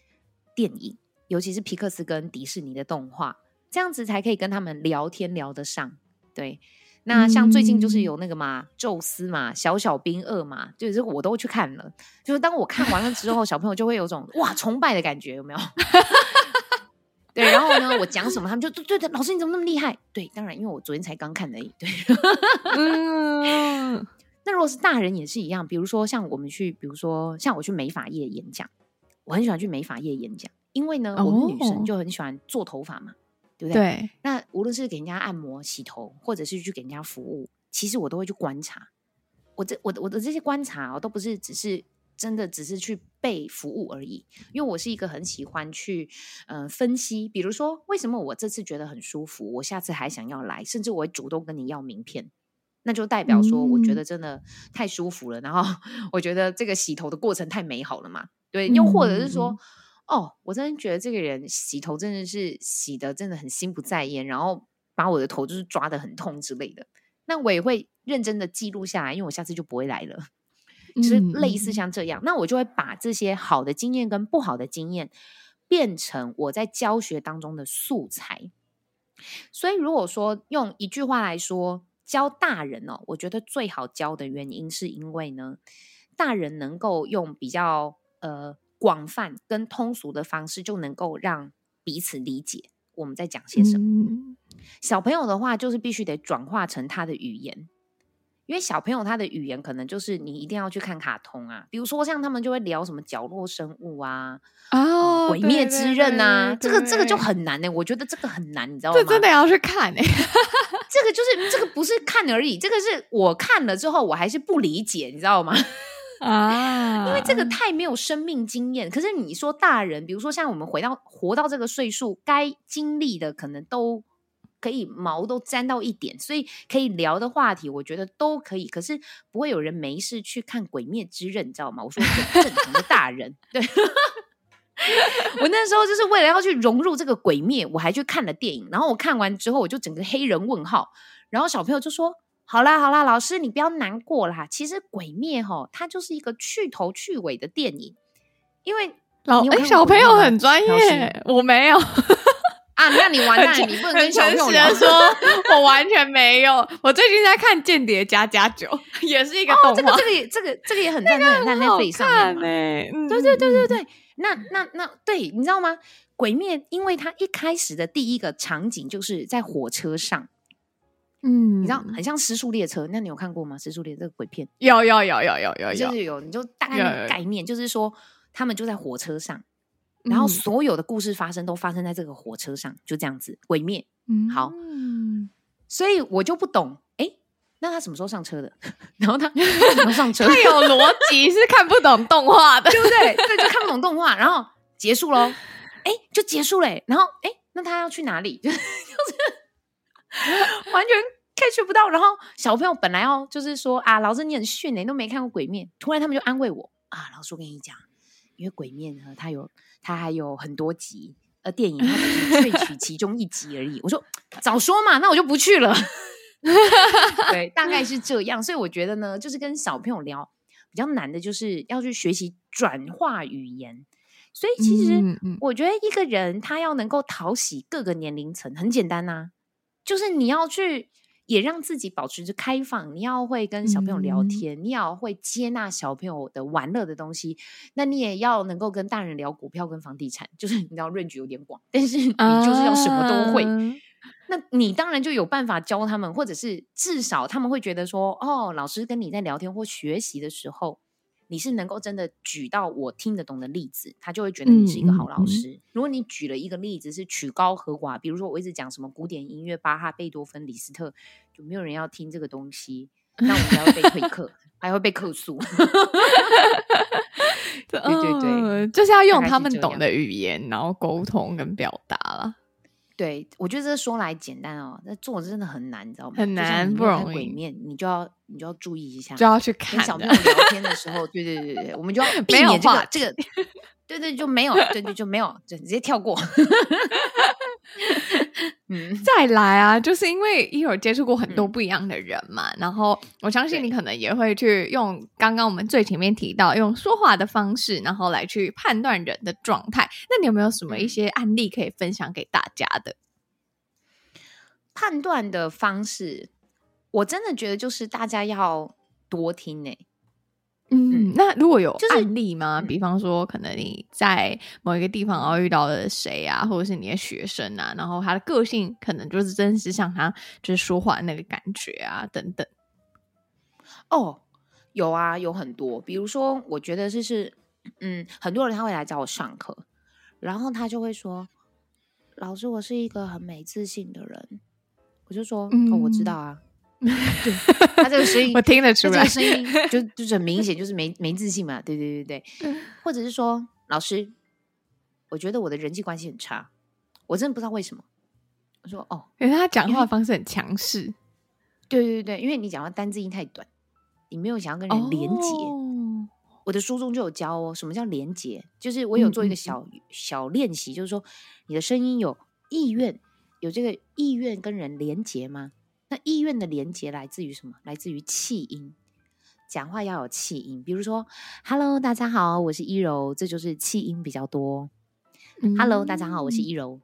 電影，尤其是皮克斯跟迪士尼的動畫，這樣子才可以跟他們聊天聊得上。對。那像最近就是有那個嘛，宙斯嘛，小小兵二嘛，就是我都去看了。就是當我看完了之後， [LAUGHS] 小朋友就會有種哇崇拜的感覺，有沒有？ [LAUGHS] 對，然後呢，我講什麼他們就對對，老師你怎麼那麼厲害？對，當然，因為我昨天才剛看的。對， [LAUGHS] 嗯。那如果是大人也是一樣，比如說像我們去，比如說像我去美髮業演講，我很喜歡去美髮業演講，因為呢，我們女生就很喜歡做頭髮嘛。哦。對不對？對，那無論是給人家按摩、洗頭，或者是去給人家服務，其實我都會去觀察。我這、我的、我的這些觀察，我都不是只是真的只是去被服務而已。因為我是一個很喜歡去嗯、呃、分析，比如說為什麼我這次覺得很舒服，我下次還想要來，甚至我會主動跟你要名片，那就代表說我覺得真的太舒服了，嗯、然後我覺得這個洗頭的過程太美好了嘛。對，又或者是說。嗯哦，我真的覺得這個人洗頭真的是洗得真的很心不在焉，然後把我的頭就是抓得很痛之類的。那我也會認真的記錄下來，因為我下次就不會來了。其實類似像這樣嗯嗯，那我就會把這些好的經驗跟不好的經驗變成我在教學當中的素材。所以如果說用一句話來說，教大人哦，我覺得最好教的原因是因為呢，大人能夠用比較呃。廣泛跟通俗的方式就能夠讓彼此理解我們在講些什麼。小朋友的話就是必須得轉化成他的語言，因為小朋友他的語言可能就是你一定要去看卡通啊，比如說像他們就會聊什麼角落生物啊、鬼滅之刃吶、啊，這個這個就很難呢、欸。我覺得這個很難，你知道嗎？對，真的要去看這個就是這個不是看而已，這個是我看了之後我還是不理解，你知道嗎？啊！因為這個太沒有生命經驗。可是你說大人，比如說像我們回到活到這個歲數，該經歷的可能都可以毛都沾到一點，所以可以聊的話題，我覺得都可以。可是不會有人沒事去看《鬼滅之刃》，你知道嗎？我說正常的大人。 [LAUGHS] 對， [LAUGHS] 我那時候就是為了要去融入這個《鬼滅》，我還去看了電影。然後我看完之後，我就整個黑人問號。然後小朋友就說。好啦好啦，老師你不要難過啦。其實《鬼滅》吼，它就是一個去頭去尾的電影，因為老哎、欸、小朋友很專業，我沒有啊。那你完蛋，你不能跟小朋友說， [LAUGHS] 我完全沒有。我最近在看《間諜家家酒》，也是一個動畫、哦、這個這個這個這個也很讚，那、這個欸這個、在 Netflix 上面呢、嗯。對對對對對、嗯，那那那對，你知道嗎？《鬼滅》因為它一開始的第一個場景就是在火車上。嗯，你知道很像屍速列車，那你有看過嗎？屍速列這個鬼片，有有有有有有，就是有你就大概那個概念，就是說他們就在火車上、嗯，然後所有的故事發生都發生在這個火車上，就這樣子毀滅。嗯，好，所以我就不懂，哎、欸，那他什麼時候上車的？ [LAUGHS] 然後他怎麼上車的？ [LAUGHS] 他有邏輯，是看不懂動畫的， [LAUGHS] [LAUGHS] 對不對？對，就看不懂動畫，然後結束了，哎、欸，就結束了、欸，然後哎、欸，那他要去哪裡？ [LAUGHS] 完全 catch 不到，然後小朋友本來哦，就是說啊，老師你很遜，你都沒看過鬼面，突然他們就安慰我啊，老師我跟你講，因為鬼面呢，它有它還有很多集呃電影，它只是萃取其中一集而已。 [LAUGHS] 我說早說嘛，那我就不去了。 [LAUGHS] 對，大概是這樣，所以我覺得呢，就是跟小朋友聊比較難的，就是要去學習轉化語言。所以其實我覺得一個人他要能夠討喜各個年齡層，很簡單吶、啊。就是你要去，也讓自己保持着開放。你要會跟小朋友聊天，嗯、你要會接納小朋友的玩樂的東西。那你也要能夠跟大人聊股票跟房地產。就是你知道，range 有點廣，但是你就是要什麼都會、啊。那你當然就有辦法教他們，或者是至少他們會覺得說，哦，老師跟你在聊天或學習的時候，你是能夠真的舉到我聽得懂的例子，他就會覺得你是一個好老師。嗯嗯、如果你舉了一個例子是曲高和寡，比如說我一直講什麼古典音樂，巴哈、貝多芬、李斯特，就沒有人要聽這個東西，那我們還要被退課，還會被客訴。 [LAUGHS] [LAUGHS] [LAUGHS] [LAUGHS] [LAUGHS] 對，對對對，就是要用他們懂的語言，然後溝通跟表達了。對，我覺得這說來簡單哦，那做真的很難，你知道嗎？很難，不容易。鬼面，你就要你就要注意一下，就要去看。跟小朋友聊天的時候， [LAUGHS] 對，對對對對，我們就要避免這個、這個、這個。對對，就沒有，對對就沒有，就直接跳過。 [LAUGHS] 嗯， [LAUGHS] 再來啊，就是因為一會兒接觸過很多不一樣的人嘛、嗯，然後我相信你可能也會去用剛剛我們最前面提到用說話的方式，然後來去判斷人的狀態。那你有沒有什麼一些案例可以分享給大家的？判斷的方式，我真的覺得就是大家要多聽呢、欸。嗯，嗯，那如果有案例嗎、就是？比方說、嗯，可能你在某一個地方然後遇到了誰啊，或者是你的學生啊，然後他的個性可能就是真實像他就是說話那個感覺啊，等等。哦，有啊，有很多。比如說，我覺得是是，嗯，很多人他會來找我上課，然後他就會說：“老師，我是一個很沒自信的人。”我就說、嗯：“哦，我知道啊。” [LAUGHS] 對，他這個聲音，我聽得出來。他這個聲音就就是，很明顯，就是沒沒自信嘛。對對對對， [LAUGHS] 或者是說，老師，我覺得我的人際關係很差，我真的不知道為什麼。我說哦，啊，因為他講話方式很強勢。對對對對，因為你講話單字音太短，你沒有想要跟人連結。哦，我的書中就有教哦，什麼叫連結，就是我有做一個小嗯嗯嗯小練習，就是說你的聲音有意願，有這個意願跟人連結嗎？那意願的連接來自於什麼？來自於氣音，講話要有氣音。比如說，Hello，大家好，我是依柔，這就是氣音比較多，嗯。Hello，大家好，我是依柔，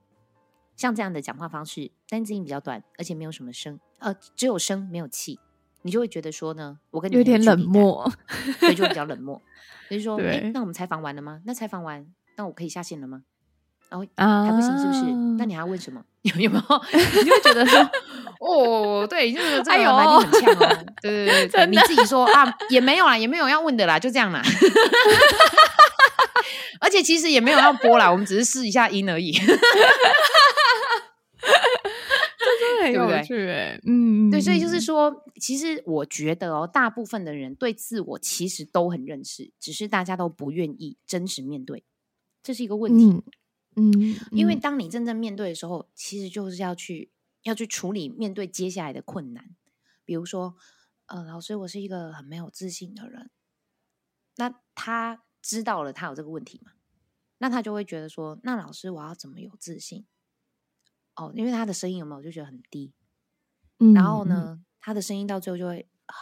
像這樣的講話方式，單字音比較短，而且沒有什麼聲，呃，只有聲沒有氣，你就會覺得說呢，我跟你有，有點冷漠，所以就比較冷漠。 [LAUGHS] 就是說，欸，那我們採訪完了嗎？那採訪完，那我可以下線了嗎？哦，uh... 還不行，是不是？那你還要問什麼？有有沒有？ [LAUGHS] 你就會覺得說。 [LAUGHS] 哦，對，就是這個哎喲，那你很嗆哦。 [LAUGHS] 對對對對，你自己說啊，也沒有啦，也沒有要問的啦，就這樣啦。 [LAUGHS] [LAUGHS] 而且其實也沒有要播啦， [LAUGHS] 我們只是試一下音而已。 [LAUGHS] [LAUGHS] [LAUGHS] 真的很有趣對對，嗯，對，所以就是說，其實我覺得哦，大部分的人對自我其實都很認識，只是大家都不願意真實面對，這是一個問題。嗯，嗯，因為當你真正面對的時候，其實就是要去。要去處理面對，接下來的困難，比如說，呃，老師，我是一個很沒有自信的人。那他知道了他有這個問題嘛？那他就會覺得說，那老師，我要怎麼有自信？哦，因為他的聲音有沒有我就覺得很低、嗯，然後呢，他的聲音到最後就會、啊、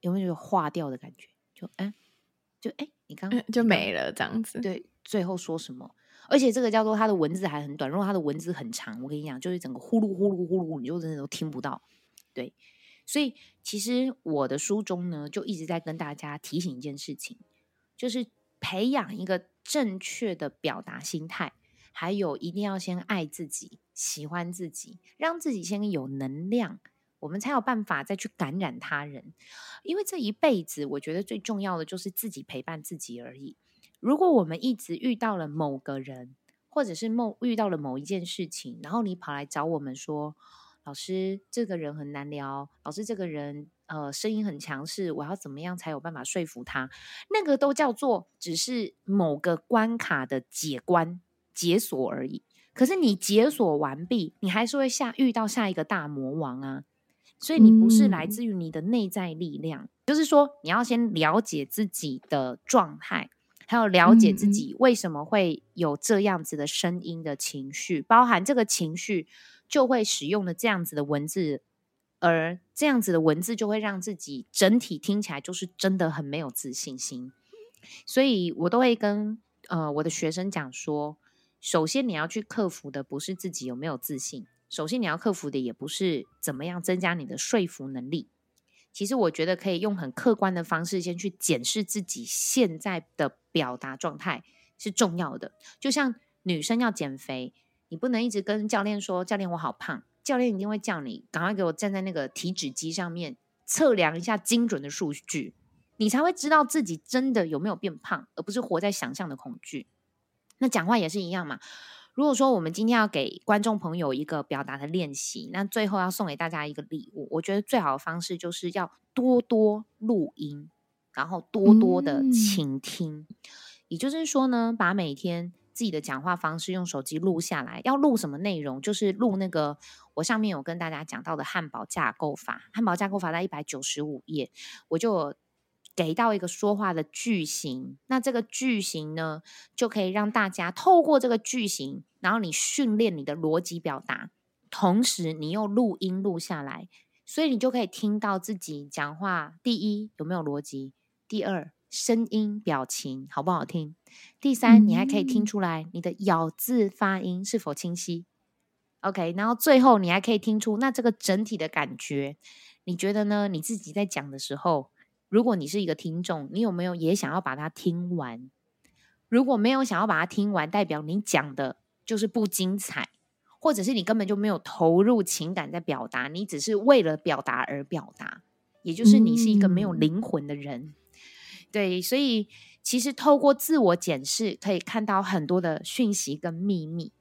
有沒有就化掉的感覺？就哎、欸，就哎、欸，你剛剛就沒了這樣子。對，最後說什麼？而且這個叫做它的文字還很短，如果它的文字很長，我跟你講，就是整個呼嚕呼嚕呼嚕，你就真的都聽不到。對，所以其實我的書中呢，就一直在跟大家提醒一件事情，就是培養一個正確的表達心態，還有一定要先愛自己、喜歡自己，讓自己先有能量，我們才有辦法再去感染他人。因為這一輩子，我覺得最重要的就是自己陪伴自己而已。如果我們一直遇到了某個人，或者是某遇到了某一件事情，然後你跑來找我們說：“老師，這個人很難聊。”老師，這個人呃，聲音很強勢，我要怎麼樣才有辦法說服他？那個都叫做只是某個關卡的解關，解鎖而已。可是你解鎖完畢，你還是會下，遇到下一個大魔王啊！所以你不是來自於你的內在力量，嗯、就是說你要先了解自己的狀態。還有了解自己為什麼會有這樣子的聲音的情緒，包含這個情緒就會使用的這樣子的文字，而這樣子的文字就會讓自己整體聽起來就是真的很沒有自信心。所以我都會跟呃我的學生講說，首先你要去克服的不是自己有沒有自信，首先你要克服的也不是怎麼樣增加你的說服能力。其實我覺得可以用很客觀的方式，先去檢視自己現在的表達狀態是重要的。就像女生要減肥，你不能一直跟教練說：“教練，我好胖。”教練一定會叫你趕快給我站在那個體脂機上面測量一下精準的數據，你才會知道自己真的有沒有變胖，而不是活在想象的恐懼。那講話也是一樣嘛。如果說我們今天要給觀眾朋友一個表達的練習，那最後要送給大家一個禮物，我覺得最好的方式就是要多多錄音，然後多多的傾聽。嗯、也就是說呢，把每天自己的講話方式用手機錄下來。要錄什麼內容？就是錄那個我上面有跟大家講到的漢堡架構法。漢堡架構法在一百九十五頁，我就。給到一個說話的句型，那這個句型呢，就可以讓大家透過這個句型，然後你訓練你的邏輯表達，同時你又錄音錄下來，所以你就可以聽到自己講話。第一，有沒有邏輯？第二，聲音表情好不好聽？第三，你還可以聽出來你的咬字發音是否清晰？OK，然後最後你還可以聽出那這個整體的感覺，你覺得呢？你自己在講的時候，如果你是一個聽眾，你有沒有也想要把它聽完？如果沒有想要把它聽完，代表你講的就是不精彩，或者是你根本就沒有投入情感在表達，你只是為了表達而表達，也就是你是一個沒有靈魂的人。嗯。對，所以其實透過自我檢視，可以看到很多的訊息跟秘密。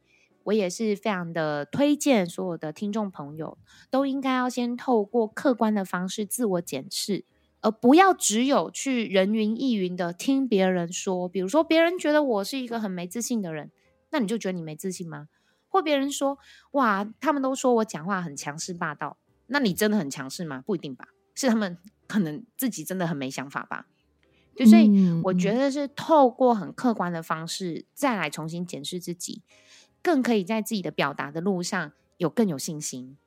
我也是非常的推薦所有的聽眾朋友，都應該要先透過客觀的方式自我檢視。而不要只有去人云亦云的聽別人說，比如說別人覺得我是一個很沒自信的人，那你就覺得你沒自信嗎？或別人說哇，他們都說我講話很強勢霸道，那你真的很強勢嗎？不一定吧，是他們可能自己真的很沒想法吧。就所以我覺得是透過很客觀的方式再來重新檢視自己，更可以在自己的表達的路上有更有信心，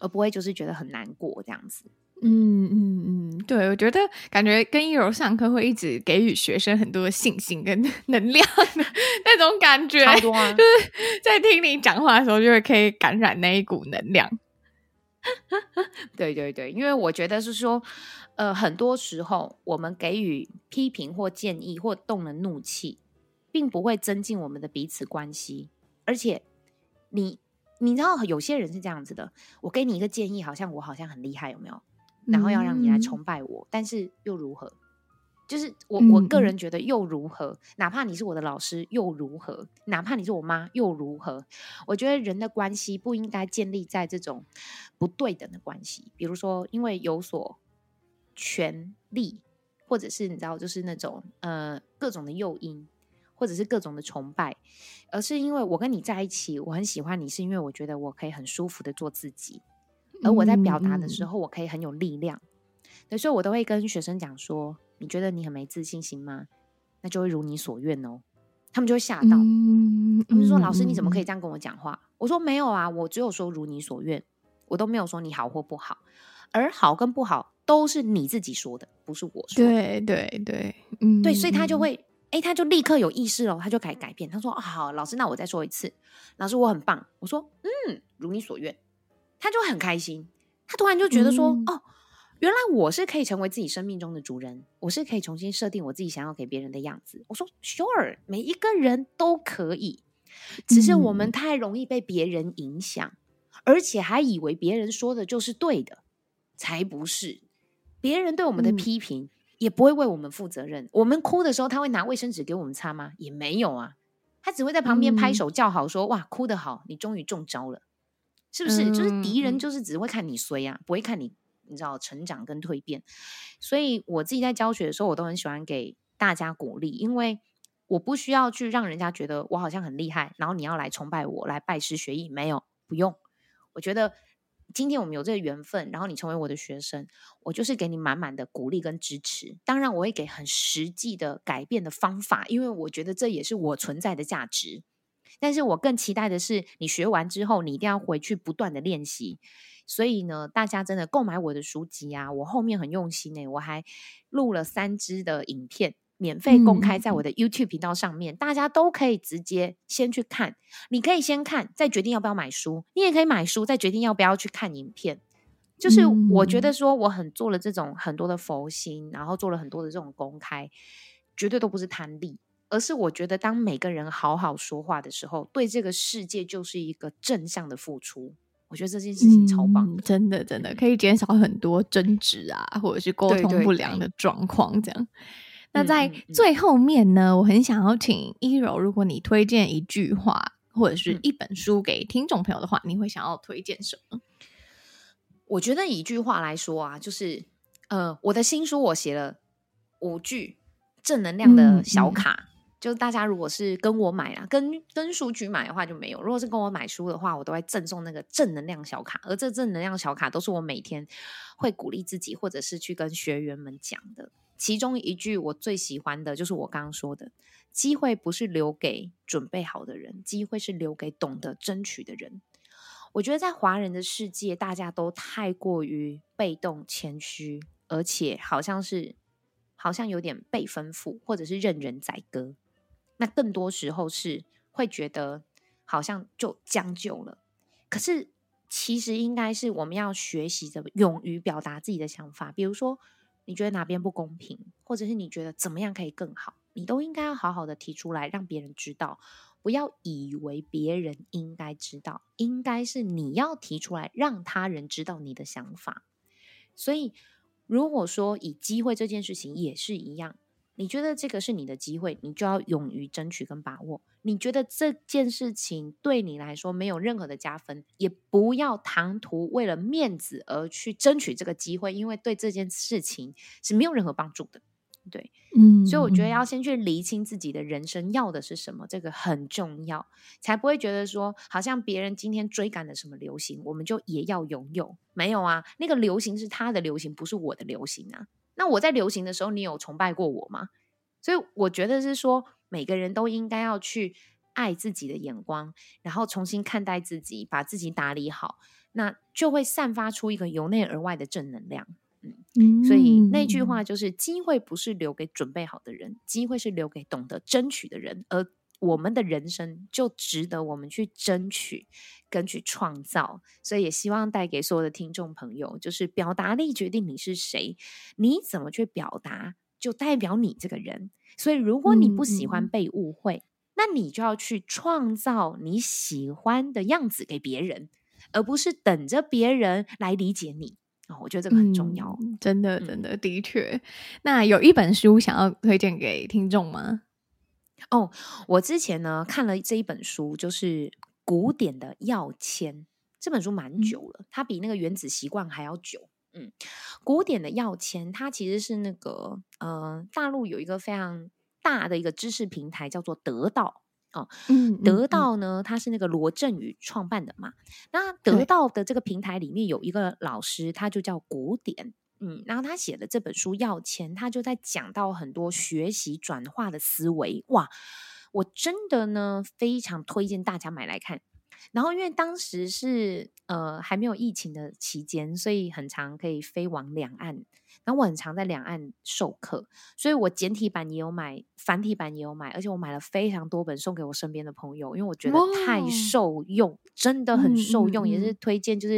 而不會就是覺得很難過這樣子。嗯嗯嗯，對，我覺得感覺跟依柔上課會一直給予學生很多的信心跟能量的 [LAUGHS] 那種感覺，好多啊！就是在聽你講話的時候，就會可以感染那一股能量。 [LAUGHS] 對對對，因為我覺得是說，呃，很多時候我們給予批評或建議或動了怒氣，並不會增進我們的彼此關係。而且你，你你知道有些人是這樣子的，我給你一個建議，好像我好像很厲害，有沒有？然後要讓你來崇拜我，嗯、但是又如何？就是我我個人覺得又如何？嗯、哪怕你是我的老師又如何？哪怕你是我媽又如何？我覺得人的關係不應該建立在這種不對等的關係，比如說，因為有所權利，或者是你知道就是那種呃各種的誘因，或者是各種的崇拜，而是因為我跟你在一起，我很喜歡你，是因為我覺得我可以很舒服的做自己。而我在表達的時候、嗯，我可以很有力量。所以，我都會跟學生講說：“你覺得你很沒自信心嗎？”那就會如你所願哦。他們就會嚇到、嗯，他們就說、嗯：“老師，你怎麼可以這樣跟我講話？”我說：“沒有啊，我只有說如你所願，我都沒有說你好或不好。而好跟不好都是你自己說的，不是我說。”對對對，嗯，對，所以他就會，哎、欸，他就立刻有意識哦，他就改改變。他說、哦：“好，老師，那我再說一次，老師，我很棒。”我說：“嗯，如你所願。”他就會很開心，他突然就覺得說、嗯：“哦，原來我是可以成為自己生命中的主人，我是可以重新設定我自己想要給別人的樣子。”我說：“Sure，每一個人都可以，只是我們太容易被別人影響、嗯，而且還以為別人說的就是對的，才不是。別人對我們的批評也不會為我們負責任、嗯。我們哭的時候，他會拿衛生紙給我們擦嗎？也沒有啊，他只會在旁邊拍手叫好說，說、嗯：‘哇，哭得好，你終於中招了。’”是不是？就是敵人就是只會看你衰呀、啊、嗯，不會看你，你知道成長跟蛻變。所以我自己在教學的時候，我都很喜歡給大家鼓勵，因為我不需要去讓人家覺得我好像很厲害，然後你要來崇拜我，來拜師學藝。沒有，不用。我覺得今天我們有這個緣分，然後你成為我的學生，我就是給你滿滿的鼓勵跟支持。當然，我會給很實際的改變的方法，因為我覺得這也是我存在的價值。但是我更期待的是，你學完之後，你一定要回去不斷的練習。所以呢，大家真的購買我的書籍啊，我後面很用心誒、欸，我還錄了三支的影片，免費公開在我的 YouTube 頻道上面，大家都可以直接先去看。你可以先看，再決定要不要買書；你也可以買書，再決定要不要去看影片。就是我覺得說，我很做了這種很多的佛心，然後做了很多的這種公開，絕對都不是貪利。而是我覺得，當每個人好好說話的時候，對這個世界就是一個正向的付出。我覺得這件事情超棒、嗯，真的真的可以減少很多爭執啊、嗯，或者是溝通不良的狀況。這樣對對對，那在最後面呢，嗯嗯嗯，我很想要請依柔，如果你推薦一句話或者是一本書給聽眾朋友的話，你會想要推薦什麼？我覺得以一句話來說啊，就是呃，我的新書我寫了五句正能量的小卡。嗯嗯就是大家如果是跟我買啊，跟跟書局買的話就沒有。如果是跟我買書的話，我都會贈送那個正能量小卡。而這正能量小卡都是我每天會鼓勵自己，或者是去跟學員們講的。其中一句我最喜歡的就是我剛剛說的：機會不是留給準備好的人，機會是留給懂得爭取的人。我覺得在華人的世界，大家都太過於被動、謙虛，而且好像是好像有點被吩咐，或者是任人宰割。那更多時候是會覺得好像就將就了，可是其實應該是我們要學習的，勇於表達自己的想法。比如說，你覺得哪邊不公平，或者是你覺得怎麼樣可以更好，你都應該要好好的提出來，讓別人知道。不要以為別人應該知道，應該是你要提出來，讓他人知道你的想法。所以，如果說以機會這件事情也是一樣。你覺得這個是你的機會，你就要勇於爭取跟把握。你覺得這件事情對你來說沒有任何的加分，也不要唐突為了面子而去爭取這個機會，因為對這件事情是沒有任何幫助的。對，嗯，所以我覺得要先去釐清自己的人生要的是什麼，這個很重要，才不會覺得說好像別人今天追趕的什麼流行，我們就也要擁有。沒有啊，那個流行是他的流行，不是我的流行啊。那我在流行的時候，你有崇拜過我嗎？所以我覺得是說，每個人都應該要去愛自己的眼光，然後重新看待自己，把自己打理好，那就會散發出一個由內而外的正能量。嗯嗯，所以那句話就是：機會不是留給準備好的人，機會是留給懂得爭取的人。而我們的人生就值得我們去爭取跟去創造，所以也希望帶給所有的聽眾朋友，就是表達力決定你是誰，你怎麼去表達就代表你這個人。所以如果你不喜歡被誤會、嗯，那你就要去創造你喜歡的樣子給別人，而不是等着別人來理解你啊、哦！我覺得這個很重要，嗯、真的，真的，的確、嗯。那有一本書想要推薦給聽眾嗎？哦，我之前呢看了這一本書，就是古典的《要簽》、嗯、這本書，蠻久了，它比那個《原子習慣》還要久。嗯，古典的《要簽》它其實是那個嗯、呃、大陸有一個非常大的一個知識平台，叫做得到、哦、嗯，得到呢、嗯嗯，它是那個羅振宇創辦的嘛。那得到的這個平台裡面有一個老師，他就叫古典。嗯，然後他寫的這本書《要錢》，他就在講到很多學習轉化的思維，哇，我真的呢，非常推薦大家買來看。然後，因為當時是呃還沒有疫情的期間，所以很常可以飛往兩岸。然後我很常在兩岸授課，所以我簡體版也有買，繁體版也有買，而且我買了非常多本送給我身邊的朋友，因為我覺得太受用，真的很受用，嗯、也是推薦。就是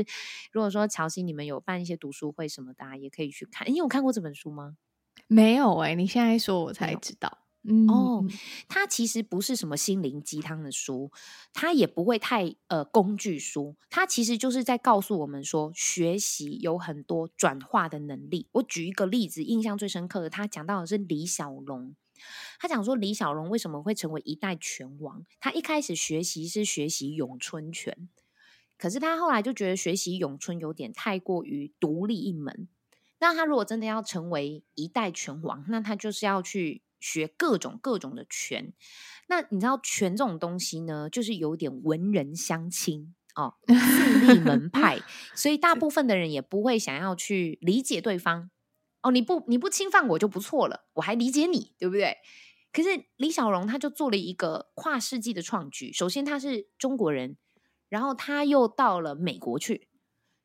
如果說喬西你們有辦一些讀書會什麼的，啊、大、嗯、家也可以去看。你有看過這本書嗎？沒有哎、欸，你現在說我才知道。哦、嗯，他、oh, 其實不是什麼心靈雞湯的書，他也不會太呃工具書，他其實就是在告訴我們說，學習有很多轉化的能力。我舉一個例子，印象最深刻的，他講到的是李小龍，他講說李小龍為什麼會成為一代拳王，他一開始學習是學習詠春拳，可是他後來就覺得學習詠春有點太過於獨立一門，那他如果真的要成為一代拳王，那他就是要去。學各種各種的拳，那你知道拳這種東西呢，就是有點文人相輕，哦，自立門派， [LAUGHS] 所以大部分的人也不會想要去理解對方哦。你不你不侵犯我就不錯了，我還理解你，對不對？可是李小龍他就做了一個跨世紀的創舉，首先他是中國人，然後他又到了美國去，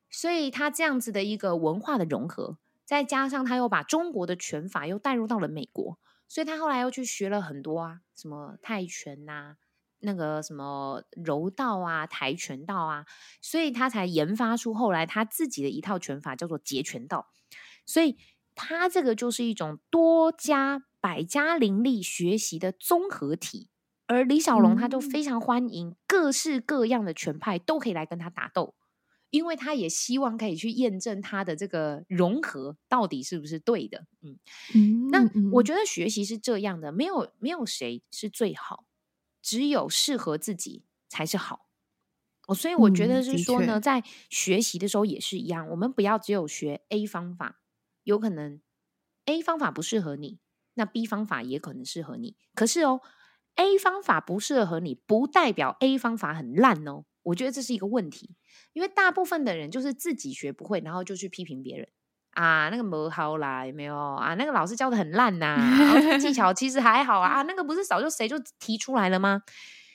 所以他這樣子的一個文化的融合，再加上他又把中國的拳法又帶入到了美國。所以他後來又去學了很多啊，什麼泰拳吶，啊，那個什麼柔道啊、跆拳道啊，所以他才研發出後來他自己的一套拳法，叫做截拳道。所以他這個就是一種多家百家林立學習的綜合體，而李小龍他就非常歡迎各式各樣的拳派都可以來跟他打鬥。因為他也希望可以去驗證他的這個融合到底是不是對的，嗯，嗯，那我覺得學習是這樣的，沒有沒有誰是最好，只有適合自己才是好。所以我覺得是說呢，嗯，在學習的時候也是一樣，我們不要只有學 A 方法，有可能 A 方法不適合你，那 B 方法也可能適合你。可是哦，A 方法不適合你，不代表 A 方法很爛哦。我覺得這是一個問題，因為大部分的人就是自己學不會，然後就去批評別人啊，那個沒好啦，有沒有啊？那個老師教得很爛吶、啊， [LAUGHS] 然後技巧其實還好啊，那個不是早就誰就提出來了嗎？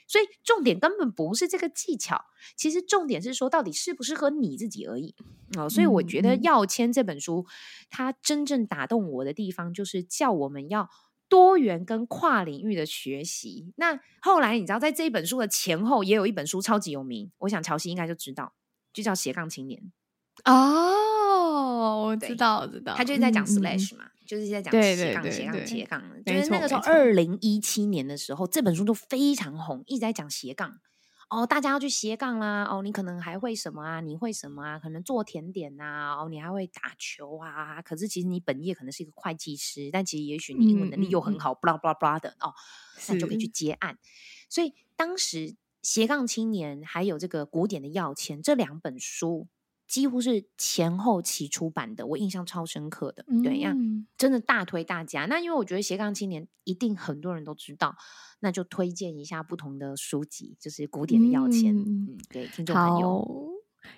所以重點根本不是這個技巧，其實重點是說到底適不適合你自己而已。哦，所以我覺得《要簽》這本書、嗯，它真正打動我的地方就是叫我們要。多元跟跨領域的學習。那後來你知道，在這一本書的前後也有一本書超級有名，我想喬西應該就知道，就叫斜槓青年。哦、oh，我知道，我知道，他就是在講 slash 嘛、嗯，就是在講斜槓、斜槓、斜槓。就是那個時候，二零一七年的時候，這本書都非常紅，一直在講斜槓。哦，大家要去斜槓啦！哦，你可能還會什麼啊？你會什麼啊？可能做甜點吶、啊，哦，你還會打球啊。可是其實你本業可能是一個會計師，但其實也許你英文能力又很好，布拉布拉布拉的哦，那就可以去接案。所以當時《斜槓青年》還有這個古典的《躍遷》這兩本書。幾乎是前後期出版的，我印象超深刻的，嗯、對呀，真的大推大家。那因為我覺得斜槓青年一定很多人都知道，那就推薦一下不同的書籍，就是古典的要錢、嗯，嗯，對，聽眾朋友，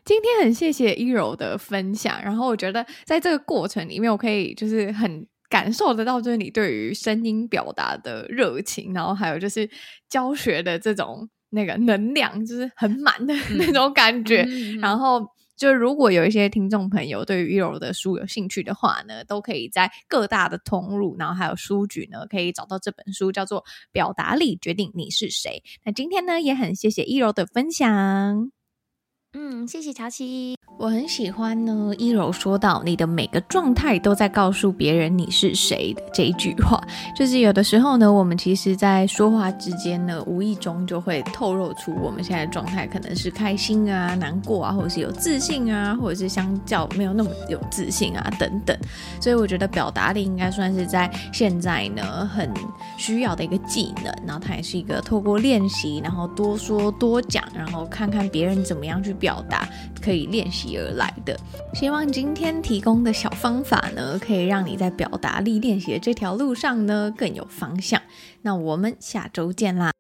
今天很謝謝依柔的分享。然後我覺得在這個過程裡面，我可以就是很感受得到，就是你對於聲音表達的熱情，然後還有就是教學的這種那個能量，就是很滿的那種感覺，嗯、然後。就是如果有一些聽眾朋友對於依柔的書有興趣的話呢，都可以在各大的通路，然後還有書局呢，可以找到這本書，叫做《表達力決定你是誰》。那今天呢，也很謝謝依柔的分享。嗯，謝謝喬西。我很喜歡呢，依柔說到你的每個狀態都在告訴別人你是誰的這一句話，就是有的時候呢，我們其實在說話之間呢，無意中就會透露出我們現在的狀態，可能是開心啊、難過啊，或者是有自信啊，或者是相較沒有那麼有自信啊等等。所以我覺得表達力應該算是在現在呢很需要的一個技能，然後它也是一個透過練習，然後多說多講，然後看看別人怎麼樣去表達，可以練習而來的，希望今天提供的小方法呢，可以讓你在表達力練習這條路上呢更有方向。那我們下周見啦！